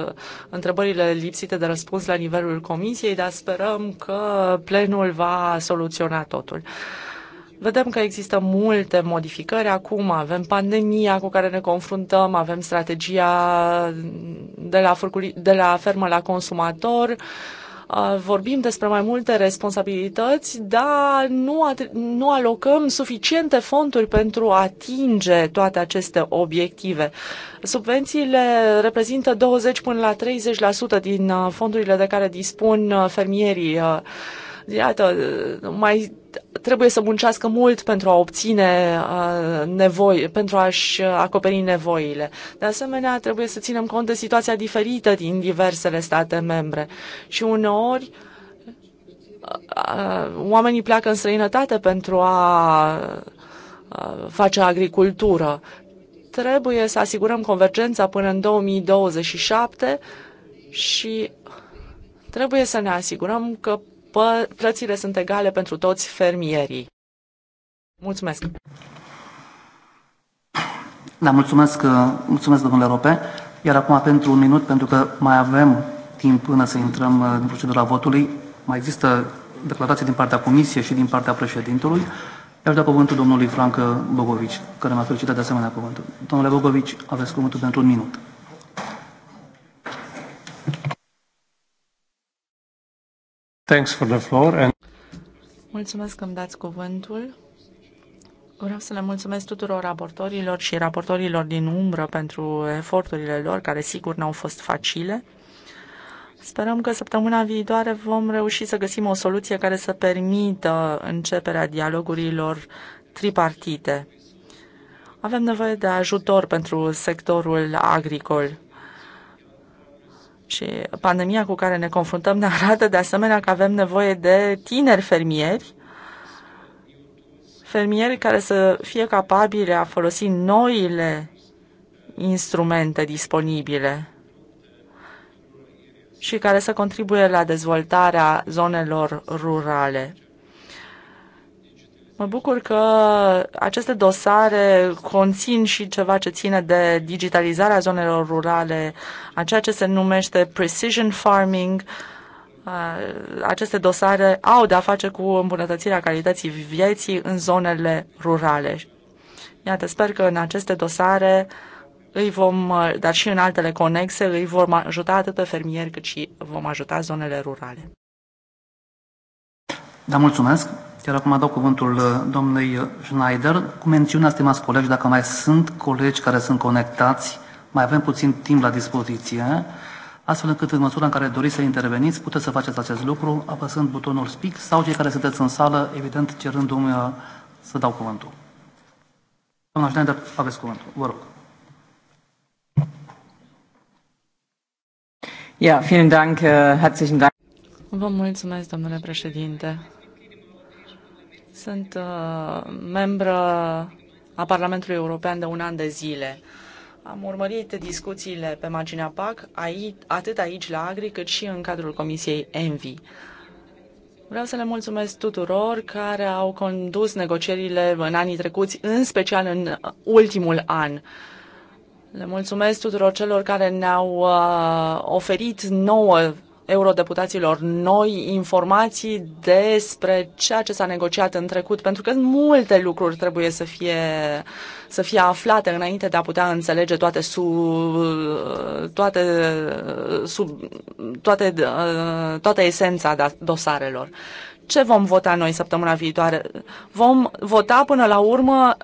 uh, întrebările lipsite de răspuns la nivelul comisiei, dar sperăm că plenul va soluționa totul. Vedem că există multe modificări acum, avem pandemia cu care ne confruntăm, avem strategia de la, furculi, de la fermă la consumator, uh, vorbim despre mai multe responsabilități, dar nu, nu alocăm suficiente fonduri pentru a atinge toate aceste obiective. Subvențiile reprezintă 20 până la 30% din uh, fondurile de care dispun uh, fermierii uh, Iată, mai trebuie să muncească mult pentru a obține nevoi, pentru a-și acoperi nevoile. De asemenea, trebuie să ținem cont de situația diferită din diversele state membre. Și uneori, oamenii pleacă în străinătate pentru a face agricultură. Trebuie să asigurăm convergența până în 2027 și trebuie să ne asigurăm că plățile sunt egale pentru toți fermierii. Mulțumesc! Da, mulțumesc, mulțumesc domnule Rope. Iar acum pentru un minut, pentru că mai avem timp până să intrăm uh, în procedura votului, mai există declarații din partea Comisiei și din partea președintelui. I-aș da cuvântul domnului Franca Bogovici, care m-a felicitat de asemenea cuvântul. Domnule Bogovici, aveți cuvântul pentru un minut. Thanks for the floor and... Mulțumesc că îmi dați cuvântul. Vreau să le mulțumesc tuturor raportorilor și raportorilor din umbră pentru eforturile lor, care sigur n-au fost facile. Sperăm că săptămâna viitoare vom reuși să găsim o soluție care să permită începerea dialogurilor tripartite. Avem nevoie de ajutor pentru sectorul agricol. Și pandemia cu care ne confruntăm ne arată de asemenea că avem nevoie de tineri fermieri, fermieri care să fie capabili a folosi noile instrumente disponibile și care să contribuie la dezvoltarea zonelor rurale. Mă bucur că aceste dosare conțin și ceva ce ține de digitalizarea zonelor rurale, a ceea ce se numește precision farming. Aceste dosare au de-a face cu îmbunătățirea calității vieții în zonele rurale. Iată, sper că în aceste dosare îi vom, dar și în altele conexe, îi vom ajuta atât pe fermieri cât și vom ajuta zonele rurale. Da, mulțumesc. Iar acum dau cuvântul uh, domnului uh, Schneider, cu mențiunea, stimați colegi, dacă mai sunt colegi care sunt conectați, mai avem puțin timp la dispoziție, astfel încât în măsura în care doriți să interveniți, puteți să faceți acest lucru apăsând butonul Speak sau cei care sunteți în sală, evident, cerându-mi uh, să dau cuvântul. Doamna Schneider, aveți cuvântul. Vă rog. Ja, vielen Dank, äh, herzlichen Dank. Vă mulțumesc, domnule președinte. Sunt uh, membră a Parlamentului European de un an de zile. Am urmărit discuțiile pe marginea PAC, aici, atât aici la Agri, cât și în cadrul Comisiei ENVI. Vreau să le mulțumesc tuturor care au condus negocierile în anii trecuți, în special în ultimul an. Le mulțumesc tuturor celor care ne-au uh, oferit nouă eurodeputaților noi informații despre ceea ce s-a negociat în trecut, pentru că multe lucruri trebuie să fie, să fie aflate înainte de a putea înțelege toate, sub, toate, sub, toate, uh, toate esența da, dosarelor. Ce vom vota noi săptămâna viitoare? Vom vota până la urmă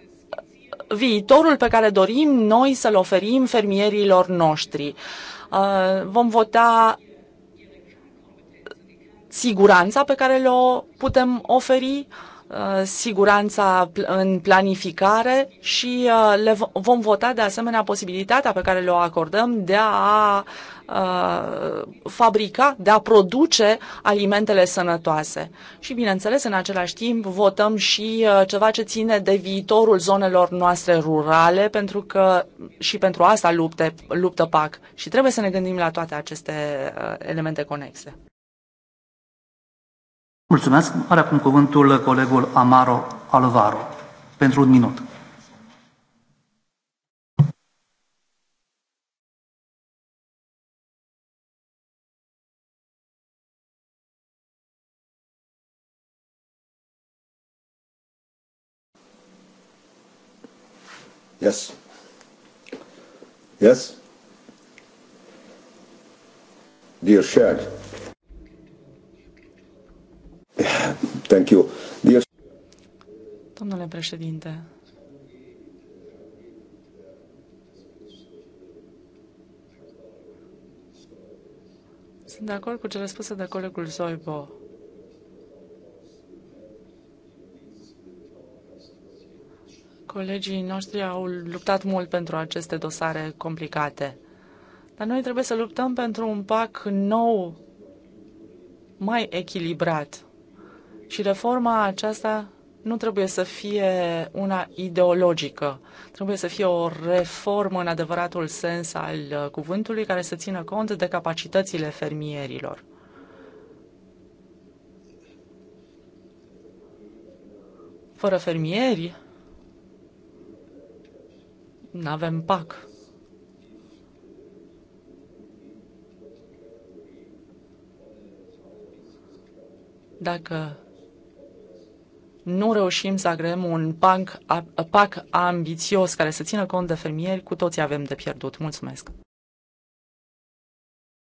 viitorul pe care dorim noi să-l oferim fermierilor noștri. Uh, vom vota siguranța pe care le-o putem oferi, uh, siguranța în planificare și uh, le vom vota de asemenea posibilitatea pe care le-o acordăm de a uh, fabrica, de a produce alimentele sănătoase. Și, bineînțeles, în același timp votăm și ceva ce ține de viitorul zonelor noastre rurale, pentru că și pentru asta lupte, luptă PAC și trebuie să ne gândim la toate aceste elemente conexe. Mulțumesc. Are acum cuvântul colegul Amaro Alvaro pentru un minut. Yes. Yes. Dear shared Thank you. Dear... Domnule președinte, Sunt de acord cu cele spuse de colegul Zoibo. Colegii noștri au luptat mult pentru aceste dosare complicate. Dar noi trebuie să luptăm pentru un pac nou, mai echilibrat. Și reforma aceasta nu trebuie să fie una ideologică. Trebuie să fie o reformă în adevăratul sens al uh, cuvântului care să țină cont de capacitățile fermierilor. Fără fermieri, nu avem PAC. Dacă nu reușim să agrem un pac, pac ambițios care să țină cont de fermieri, cu toții avem de pierdut. Mulțumesc!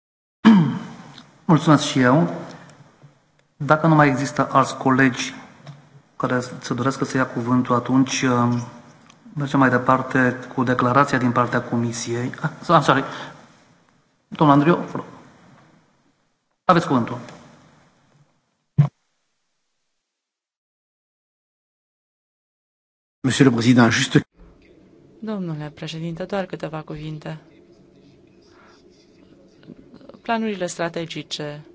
Mulțumesc și eu. Dacă nu mai există alți colegi care se doresc să ia cuvântul, atunci um, mergem mai departe cu declarația din partea Comisiei. Ah, sorry. Domnul Andriu, aveți cuvântul. Monsieur le Président, juste... Domnule președinte, doar câteva cuvinte. Planurile strategice.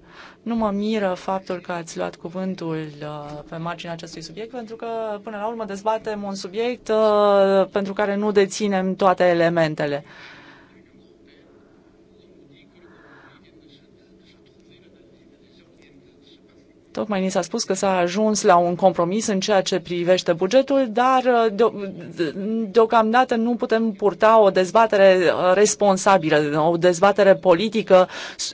Nu mă miră faptul că ați luat cuvântul uh, pe marginea acestui subiect, pentru că, până la urmă, dezbatem un subiect uh, pentru care nu deținem toate elementele. Tocmai ni s-a spus că s-a ajuns la un compromis în ceea ce privește bugetul, dar uh, de, deocamdată nu putem purta o dezbatere uh, responsabilă, o dezbatere politică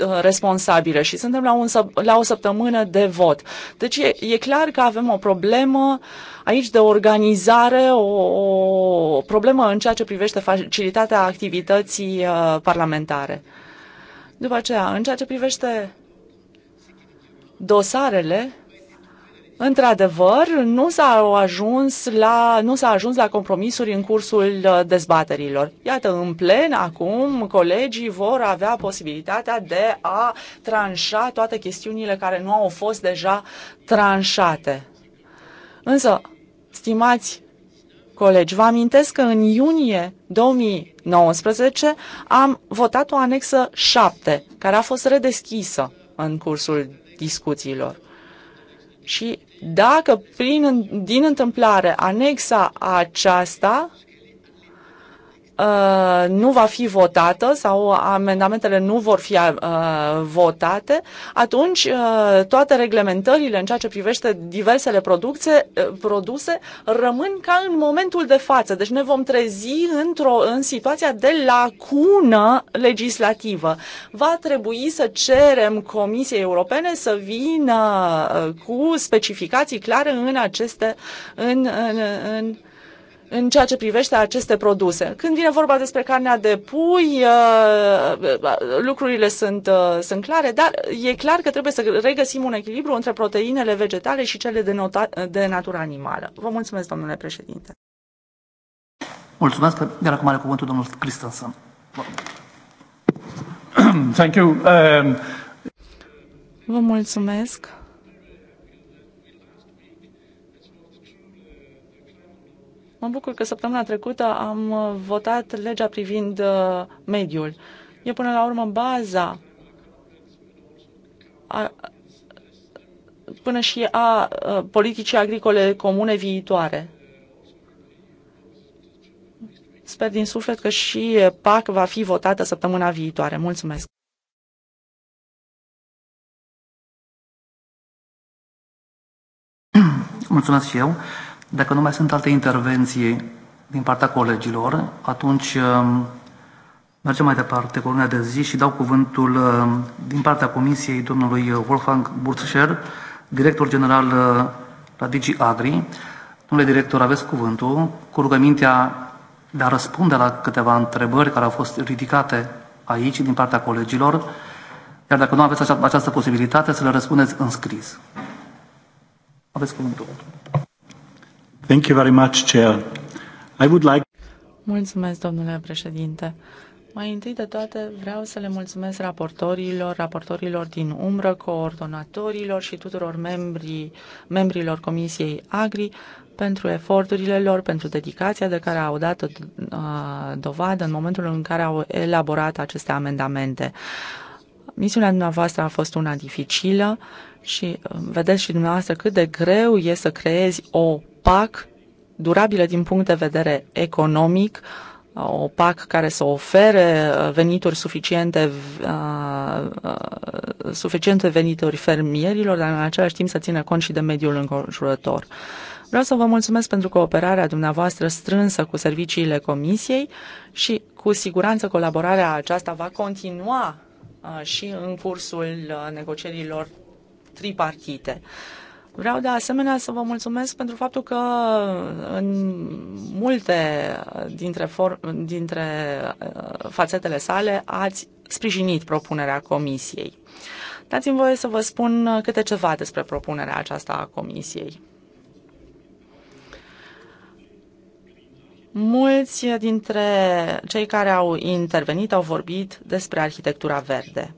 uh, responsabilă și suntem la, un, la o săptămână de vot. Deci e, e clar că avem o problemă aici de organizare, o, o problemă în ceea ce privește facilitatea activității parlamentare. După aceea, în ceea ce privește dosarele, într-adevăr, nu s-a ajuns la, nu s-a ajuns la compromisuri în cursul uh, dezbaterilor. Iată, în plen, acum, colegii vor avea posibilitatea de a tranșa toate chestiunile care nu au fost deja tranșate. Însă, stimați colegi, vă amintesc că în iunie 2019 am votat o anexă 7, care a fost redeschisă în cursul discuțiilor. Și dacă prin, din întâmplare anexa aceasta Uh, nu va fi votată sau amendamentele nu vor fi uh, votate, atunci uh, toate reglementările în ceea ce privește diversele produse, produse rămân ca în momentul de față. Deci ne vom trezi într-o, în situația de lacună legislativă. Va trebui să cerem Comisiei Europene să vină cu specificații clare în aceste, în, în, în în ceea ce privește aceste produse. Când vine vorba despre carnea de pui, uh, uh, lucrurile sunt, uh, sunt clare, dar e clar că trebuie să regăsim un echilibru între proteinele vegetale și cele de, nota, de natură animală. Vă mulțumesc, domnule președinte. Mulțumesc. Iar acum are cuvântul domnul Christensen. Thank you. Um... Vă mulțumesc. Mă bucur că săptămâna trecută am uh, votat legea privind uh, mediul. E până la urmă baza a, până și a, a uh, politicii agricole comune viitoare. Sper din suflet că și PAC va fi votată săptămâna viitoare. Mulțumesc! Mulțumesc și eu. Dacă nu mai sunt alte intervenții din partea colegilor, atunci um, mergem mai departe cu de zi și dau cuvântul um, din partea Comisiei domnului Wolfgang Burtscher, director general uh, la Digi Agri. Domnule director, aveți cuvântul cu rugămintea de a răspunde la câteva întrebări care au fost ridicate aici din partea colegilor, iar dacă nu aveți această posibilitate, să le răspundeți în scris. Aveți cuvântul. Thank you very much, Chair. I would like... Mulțumesc, domnule președinte. Mai întâi de toate vreau să le mulțumesc raportorilor, raportorilor din umbră, coordonatorilor și tuturor membrii, membrilor Comisiei Agri pentru eforturile lor, pentru dedicația de care au dat uh, dovadă în momentul în care au elaborat aceste amendamente. Misiunea dumneavoastră a fost una dificilă și uh, vedeți și dumneavoastră cât de greu e să creezi o PAC durabilă din punct de vedere economic, o PAC care să ofere uh, venituri suficiente, uh, uh, suficiente venituri fermierilor, dar în același timp să țină cont și de mediul înconjurător. Vreau să vă mulțumesc pentru cooperarea dumneavoastră strânsă cu serviciile Comisiei și cu siguranță colaborarea aceasta va continua și în cursul negocierilor tripartite. Vreau de asemenea să vă mulțumesc pentru faptul că în multe dintre, for- dintre uh, fațetele sale ați sprijinit propunerea Comisiei. Dați-mi voie să vă spun câte ceva despre propunerea aceasta a Comisiei. Mulți dintre cei care au intervenit au vorbit despre arhitectura verde.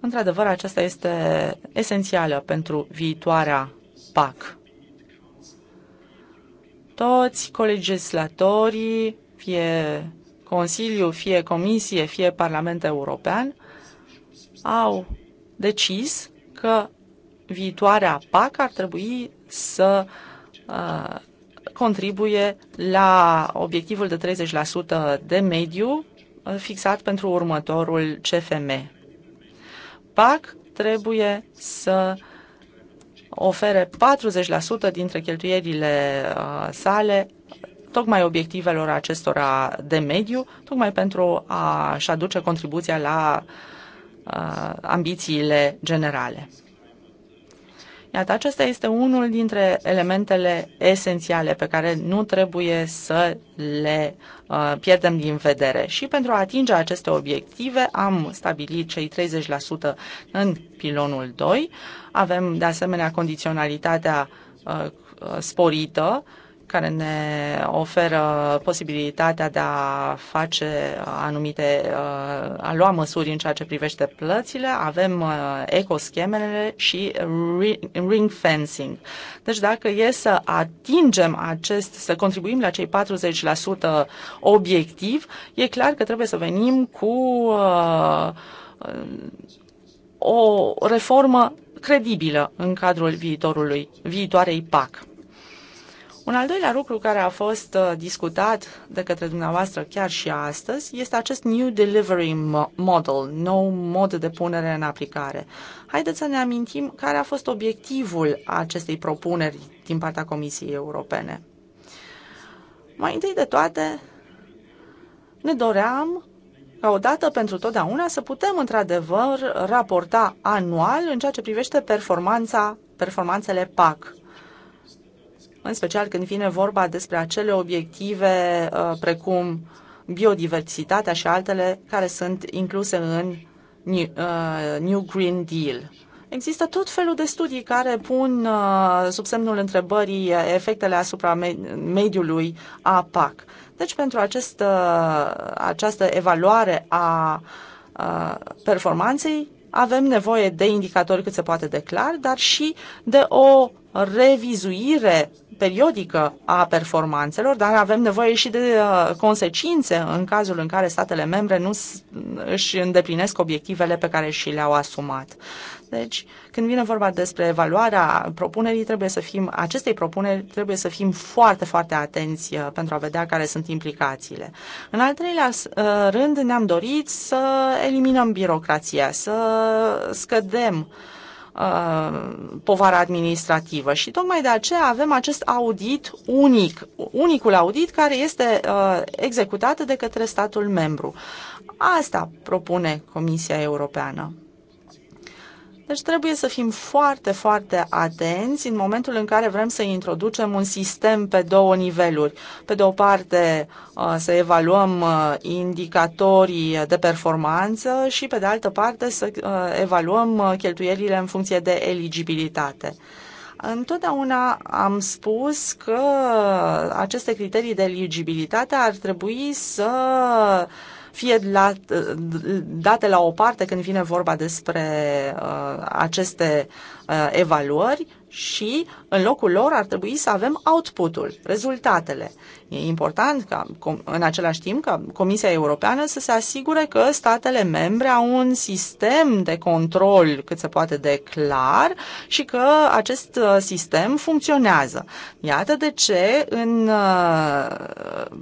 Într-adevăr, aceasta este esențială pentru viitoarea PAC. Toți colegislatorii, fie Consiliu, fie Comisie, fie Parlament European, au decis că viitoarea PAC ar trebui să uh, contribuie la obiectivul de 30% de mediu uh, fixat pentru următorul CFM. PAC trebuie să uh, ofere 40% dintre cheltuierile uh, sale tocmai obiectivelor acestora de mediu, tocmai pentru a-și aduce contribuția la uh, ambițiile generale. Iată, acesta este unul dintre elementele esențiale pe care nu trebuie să le uh, pierdem din vedere. Și pentru a atinge aceste obiective am stabilit cei 30% în pilonul 2. Avem de asemenea condiționalitatea uh, uh sporită uh, care ne oferă posibilitatea de a face anumite, uh, a lua măsuri în ceea ce privește plățile, avem uh, ecoschemele și ring fencing. Deci dacă e să atingem acest, să contribuim la cei 40% obiectiv, e clar că trebuie să venim cu uh, o reformă credibilă în cadrul viitorului, viitoarei PAC. Un al doilea lucru care a fost uh, discutat de către dumneavoastră chiar și astăzi este acest New Delivery Model, nou mod de punere în aplicare. Haideți să ne amintim care a fost obiectivul acestei propuneri din partea Comisiei Europene. Mai întâi de toate, ne doream ca odată pentru totdeauna să putem într-adevăr raporta anual în ceea ce privește performanța, performanțele PAC în special când vine vorba despre acele obiective uh, precum biodiversitatea și altele care sunt incluse în uh, New Green Deal. Există tot felul de studii care pun uh, sub semnul întrebării efectele asupra mediului a PAC. Deci pentru această această evaluare a performanței avem nevoie de indicatori cât se poate de clar, dar și de o revizuire periodică a performanțelor, dar avem nevoie și de uh, consecințe în cazul în care statele membre nu își îndeplinesc obiectivele pe care și le-au asumat. Deci, când vine vorba despre evaluarea propunerii, trebuie să fim, acestei propuneri trebuie să fim foarte, foarte atenți uh, pentru a vedea care sunt implicațiile. În al treilea uh, rând, ne-am dorit să eliminăm birocrația, să scădem uh, Uh, povara administrativă și tocmai de aceea avem acest audit unic, unicul audit care este uh, executat de către statul membru. Asta propune Comisia Europeană. Deci trebuie să fim foarte, foarte atenți în momentul în care vrem să introducem un sistem pe două niveluri. Pe de o parte uh, să evaluăm uh, indicatorii de performanță și pe de altă parte să uh, evaluăm cheltuielile în funcție de eligibilitate. Întotdeauna am spus că aceste criterii de eligibilitate ar trebui să uh, fie la, date la o parte când vine vorba despre uh, aceste uh, evaluări și în locul lor ar trebui să avem outputul, rezultatele. E important ca, în același timp ca Comisia Europeană să se asigure că statele membre au un sistem de control cât se poate de clar și că acest uh, sistem funcționează. Iată de ce în uh,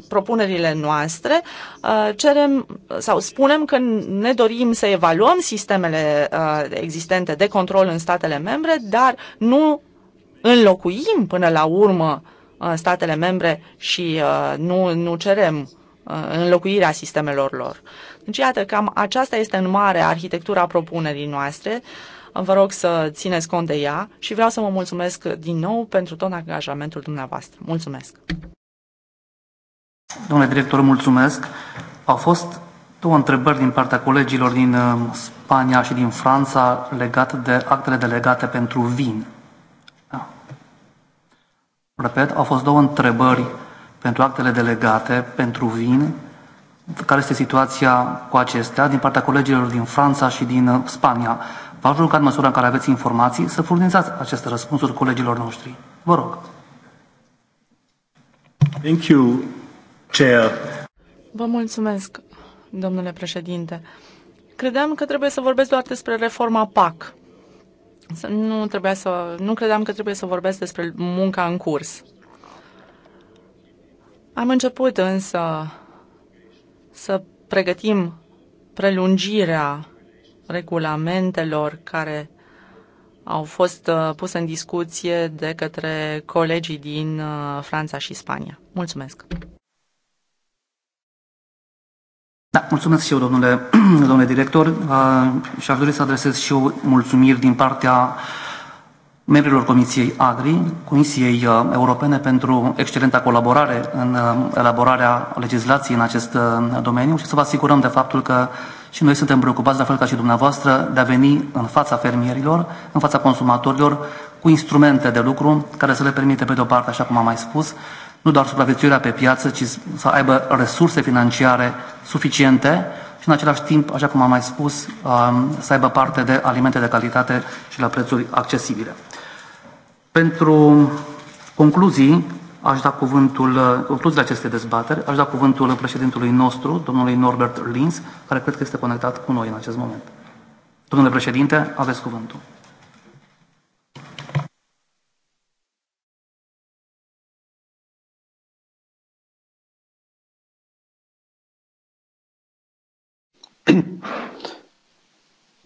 propunerile noastre uh, cerem sau spunem că ne dorim să evaluăm sistemele existente de control în statele membre, dar nu înlocuim până la urmă uh, Uh, statele membre și uh, nu, nu cerem uh, înlocuirea sistemelor lor. Deci, iată, cam aceasta este în mare arhitectura propunerii noastre. Vă rog să țineți cont de ea și vreau să vă mulțumesc din nou pentru tot angajamentul dumneavoastră. Mulțumesc! Domnule director, mulțumesc! Au fost două întrebări din partea colegilor din Spania și din Franța legate de actele delegate pentru vin. Repet, au fost două întrebări pentru actele delegate, pentru vin, care este situația cu acestea din partea colegilor din Franța și din uh, Spania. V-aș ruga, în măsura în care aveți informații, să furnizați aceste răspunsuri colegilor noștri. Vă rog. Thank you, Chair. Vă mulțumesc, domnule președinte. Credeam că trebuie să vorbesc doar despre reforma PAC. Nu, trebuia să, nu credeam că trebuie să vorbesc despre munca în curs. Am început însă să pregătim prelungirea regulamentelor care au fost uh, puse în discuție de către colegii din uh, Franța și Spania. Mulțumesc! Da, mulțumesc și eu, domnule, domnule director, și aș dori să adresez și eu mulțumiri din partea membrilor Comisiei Agri, Comisiei Europene pentru excelenta colaborare în elaborarea legislației în acest domeniu și să vă asigurăm de faptul că și noi suntem preocupați, la fel ca și dumneavoastră, de a veni în fața fermierilor, în fața consumatorilor, cu instrumente de lucru care să le permite, pe de-o parte, așa cum am mai spus, nu doar supraviețuirea pe piață, ci să aibă resurse financiare suficiente și în același timp, așa cum am mai spus, um, să aibă parte de alimente de calitate și la prețuri accesibile. Pentru concluzii, aș da cuvântul, concluziile acestei dezbateri, aș da cuvântul președintului nostru, domnului Norbert Linz, care cred că este conectat cu noi în acest moment. Domnule președinte, aveți cuvântul.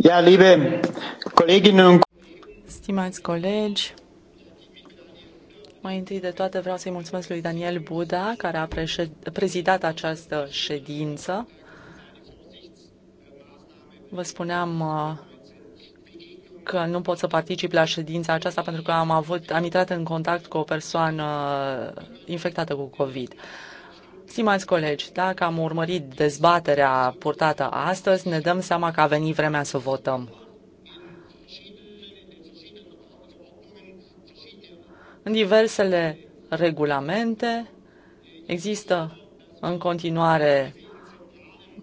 Ja, liebe Kolleginnen und Stimați colegi, mai întâi de toate vreau să-i mulțumesc lui Daniel Buda, care a prezidat această ședință. Vă spuneam uh, că nu pot să particip la ședința aceasta pentru că am, avut, am intrat în contact cu o persoană infectată cu COVID. Stimați colegi, dacă am urmărit dezbaterea purtată astăzi, ne dăm seama că a venit vremea să votăm. În diversele regulamente există în continuare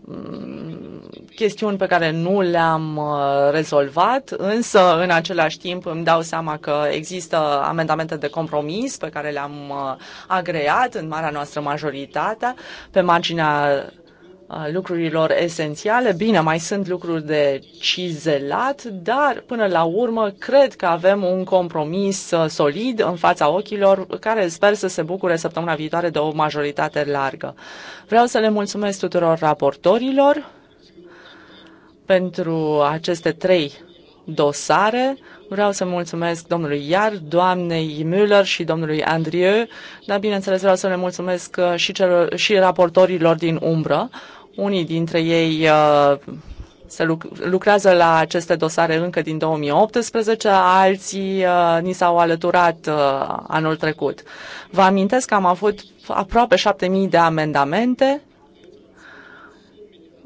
mm, chestiuni pe care nu le-am uh, rezolvat, însă în același timp îmi dau seama că există amendamente de compromis pe care le-am uh, agreat în marea noastră majoritate pe marginea uh, lucrurilor esențiale. Bine, mai sunt lucruri de cizelat, dar până la urmă cred că avem un compromis solid în fața ochilor care sper să se bucure săptămâna viitoare de o majoritate largă. Vreau să le mulțumesc tuturor raportorilor pentru aceste trei dosare. Vreau să mulțumesc domnului Iar, doamnei Müller și domnului Andrieu, dar bineînțeles vreau să le mulțumesc uh, și, celor, și raportorilor din umbră. Unii dintre ei uh, se lucrează la aceste dosare încă din 2018, alții uh, ni s-au alăturat uh, anul trecut. Vă amintesc că am avut aproape 7.000 de amendamente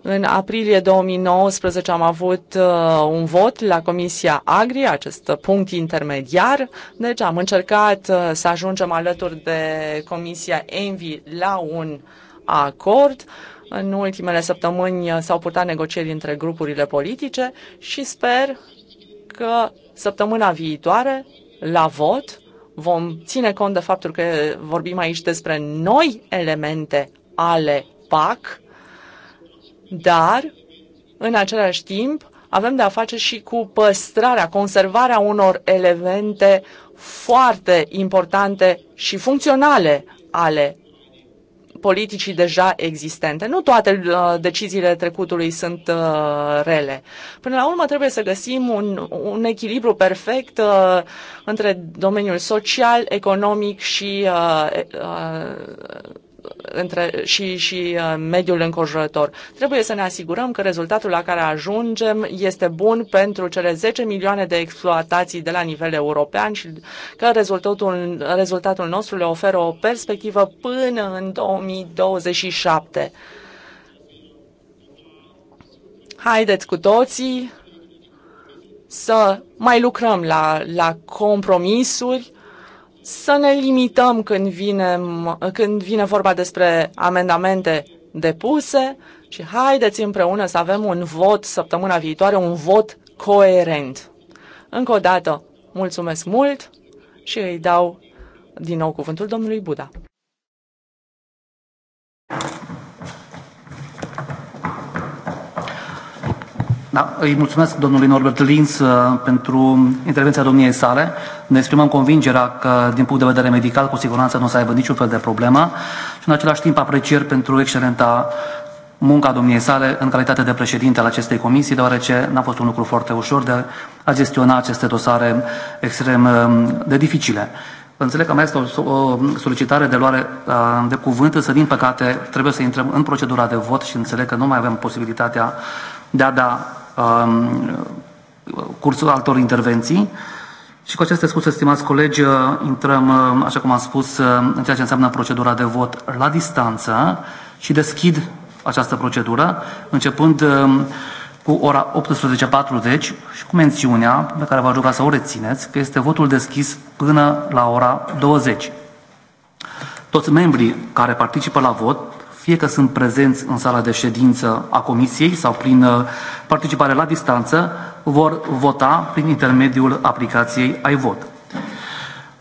în aprilie 2019 am avut uh, un vot la Comisia Agri, acest punct intermediar, deci am încercat uh, să ajungem alături de Comisia Envi la un acord. În ultimele săptămâni uh, s-au purtat negocieri între grupurile politice și sper că săptămâna viitoare, la vot, vom ține cont de faptul că vorbim aici despre noi elemente ale PAC, dar în același timp avem de a face și cu păstrarea, conservarea unor elemente foarte importante și funcționale ale politicii deja existente. Nu toate uh, deciziile trecutului sunt uh, rele. Până la urmă trebuie să găsim un, un echilibru perfect uh, între domeniul social, economic și uh, uh, între, și, și uh, mediul înconjurător. Trebuie să ne asigurăm că rezultatul la care ajungem este bun pentru cele 10 milioane de exploatații de la nivel european și că rezultatul, rezultatul nostru le oferă o perspectivă până în 2027. Haideți cu toții să mai lucrăm la, la compromisuri să ne limităm când vine, când vine vorba despre amendamente depuse și haideți împreună să avem un vot săptămâna viitoare, un vot coerent. Încă o dată, mulțumesc mult și îi dau din nou cuvântul domnului Buda. Da, îi mulțumesc domnului Norbert Lins uh, pentru intervenția domniei sale. Ne exprimăm convingerea că, din punct de vedere medical, cu siguranță nu o să aibă niciun fel de problemă și, în același timp, aprecier pentru excelenta munca domniei sale în calitate de președinte al acestei comisii, deoarece n-a fost un lucru foarte ușor de a gestiona aceste dosare extrem um, de dificile. Înțeleg că mai este o solicitare de luare uh, de cuvânt, însă, din păcate, trebuie să intrăm în procedura de vot și înțeleg că nu mai avem posibilitatea de a da Um, cursul altor intervenții. Și cu aceste scuze, stimați colegi, intrăm, uh, așa cum am spus, uh, în ceea ce înseamnă procedura de vot la distanță și deschid această procedură, începând um, cu ora 18.40 și cu mențiunea pe care v-aș ruga să o rețineți, că este votul deschis până la ora 20. Toți membrii care participă la vot fie că sunt prezenți în sala de ședință a Comisiei sau prin uh, participare la distanță, vor vota prin intermediul aplicației iVote.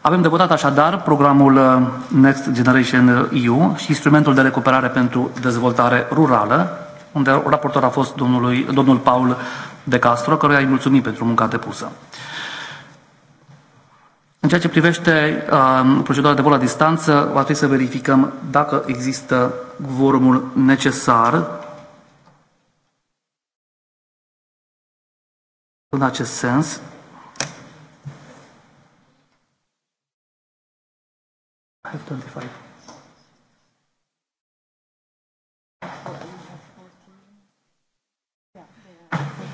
Avem de votat așadar programul uh, Next Generation EU și instrumentul de recuperare pentru dezvoltare rurală, unde raportor a fost domnului, domnul Paul de Castro, căruia îi mulțumim pentru munca depusă. În ceea ce privește um, procedura de vot la distanță, va trebui să verificăm dacă există vormul necesar în acest sens.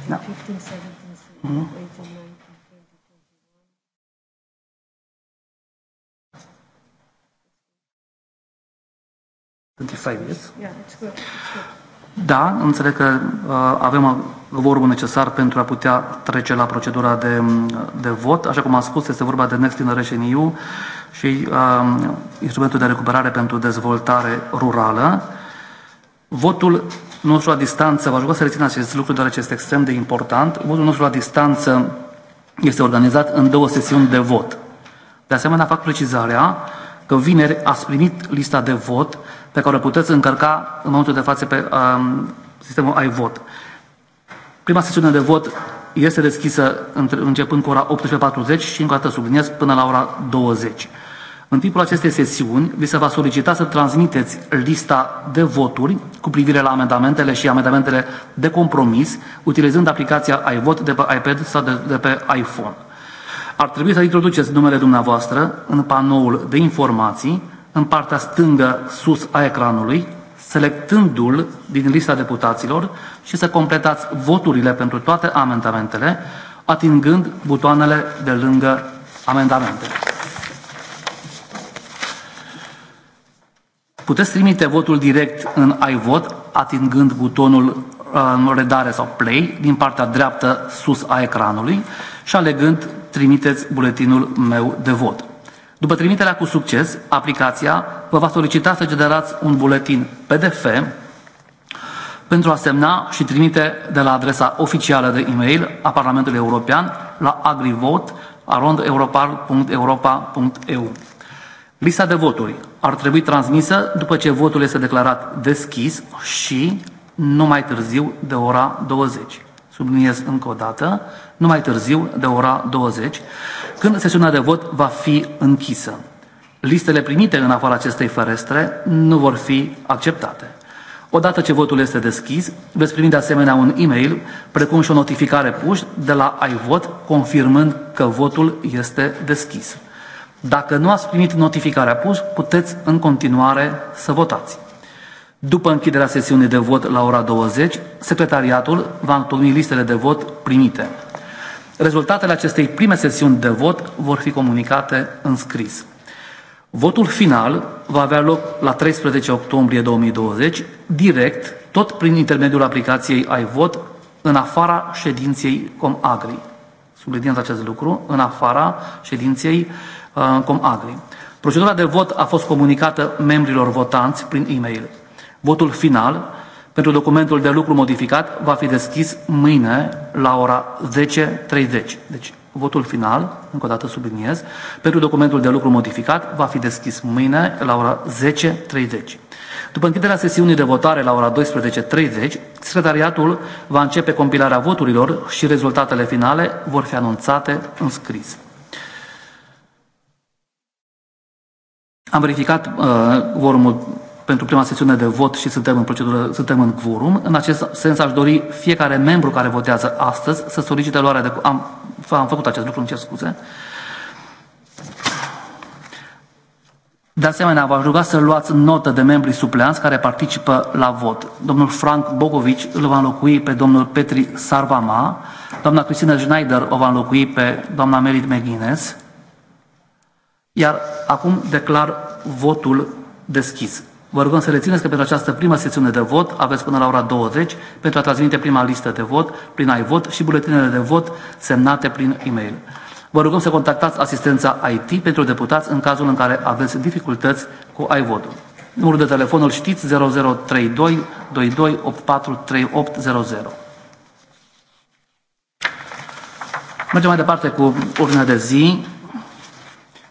Da. 15, 17, 18. Mm-hmm. 25 years. Yeah, it's good. Da, înțeleg că uh, avem uh, vorbul necesar pentru a putea trece la procedura de, um, de vot. Așa cum am spus, este vorba de Next Generation EU și uh, instrumentul de recuperare pentru dezvoltare rurală. Votul nostru la distanță, vă aș să rețin acest lucru deoarece este extrem de important, votul nostru la distanță este organizat în două sesiuni de vot. De asemenea, fac precizarea că vineri ați primit lista de vot pe care o puteți încărca în momentul de față pe um, sistemul iVot. Prima sesiune de vot este deschisă între începând cu ora 18.40 și încă o dată subliniez până la ora 20. În timpul acestei sesiuni, vi se va solicita să transmiteți lista de voturi cu privire la amendamentele și amendamentele de compromis, utilizând aplicația iVot de pe iPad sau de, de pe iPhone. Ar trebui să introduceți numele dumneavoastră în panoul de informații în partea stângă sus a ecranului, selectându-l din lista deputaților și să completați voturile pentru toate amendamentele, atingând butoanele de lângă amendamente. Puteți trimite votul direct în iVot, atingând butonul uh, redare sau play din partea dreaptă sus a ecranului și alegând trimiteți buletinul meu de vot. După trimiterea cu succes, aplicația vă va solicita să generați un buletin PDF pentru a semna și trimite de la adresa oficială de e-mail a Parlamentului European la agrivot.europar.europa.eu. Lista de voturi ar trebui transmisă după ce votul este declarat deschis și nu mai târziu de ora 20. Subliniez încă o dată, nu mai târziu de ora 20, când sesiunea de vot va fi închisă. Listele primite în afara acestei ferestre nu vor fi acceptate. Odată ce votul este deschis, veți primi de asemenea un e-mail, precum și o notificare puș de la iVot, confirmând că votul este deschis. Dacă nu ați primit notificarea pus, puteți în continuare să votați. După închiderea sesiunii de vot la ora 20, secretariatul va întocmi listele de vot primite. Rezultatele acestei prime sesiuni de vot vor fi comunicate în scris. Votul final va avea loc la 13 octombrie 2020, direct, tot prin intermediul aplicației iVot, în afara ședinței Comagri. Subliniez acest lucru, în afara ședinței uh, Comagri. Procedura de vot a fost comunicată membrilor votanți prin e-mail. Votul final pentru documentul de lucru modificat va fi deschis mâine la ora 10.30. Deci, votul final, încă o dată subliniez, pentru documentul de lucru modificat va fi deschis mâine la ora 10.30. După închiderea sesiunii de votare la ora 12.30, secretariatul va începe compilarea voturilor și rezultatele finale vor fi anunțate în scris. Am verificat uh, vorumul pentru prima sesiune de vot și suntem în procedură, suntem în quorum. În acest sens aș dori fiecare membru care votează astăzi să solicite luarea de... Am, am făcut acest lucru, îmi cer scuze. De asemenea, v-aș ruga să luați notă de membrii supleanți care participă la vot. Domnul Frank Bogovici îl va înlocui pe domnul Petri Sarvama, doamna Cristina Schneider o va înlocui pe doamna Merit Meghines, iar acum declar votul deschis. Vă rugăm să rețineți că pentru această prima sesiune de vot aveți până la ora 20 pentru a transmite prima listă de vot prin iVot și buletinele de vot semnate prin e-mail. Vă rugăm să contactați asistența IT pentru deputați în cazul în care aveți dificultăți cu iVotul. Numărul de telefon îl știți 0032 22 84 3800. Mergem mai departe cu ordinea de zi.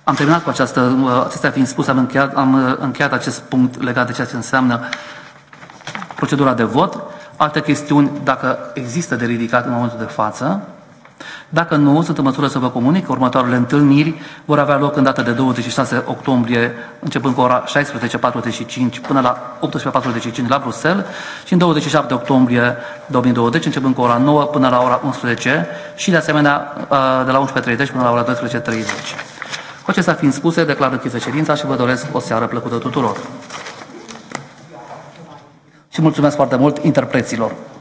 Am terminat cu această, acestea fiind spus, am încheiat, am uh, încheiat acest punct legat de ceea ce înseamnă procedura de vot. Alte chestiuni, dacă există de ridicat în momentul de față, dacă nu, sunt în măsură să vă comunic că următoarele întâlniri vor avea loc în data de 26 octombrie, începând cu ora 16.45 până la 18.45 la Bruxelles și în 27 octombrie 2020, începând cu ora 9 până la ora 11 și de asemenea uh, de la 11.30 până la ora 12.30. Cu acestea fiind spuse, declar închisă ședința și vă doresc o seară plăcută tuturor. Și mulțumesc foarte mult interpreților.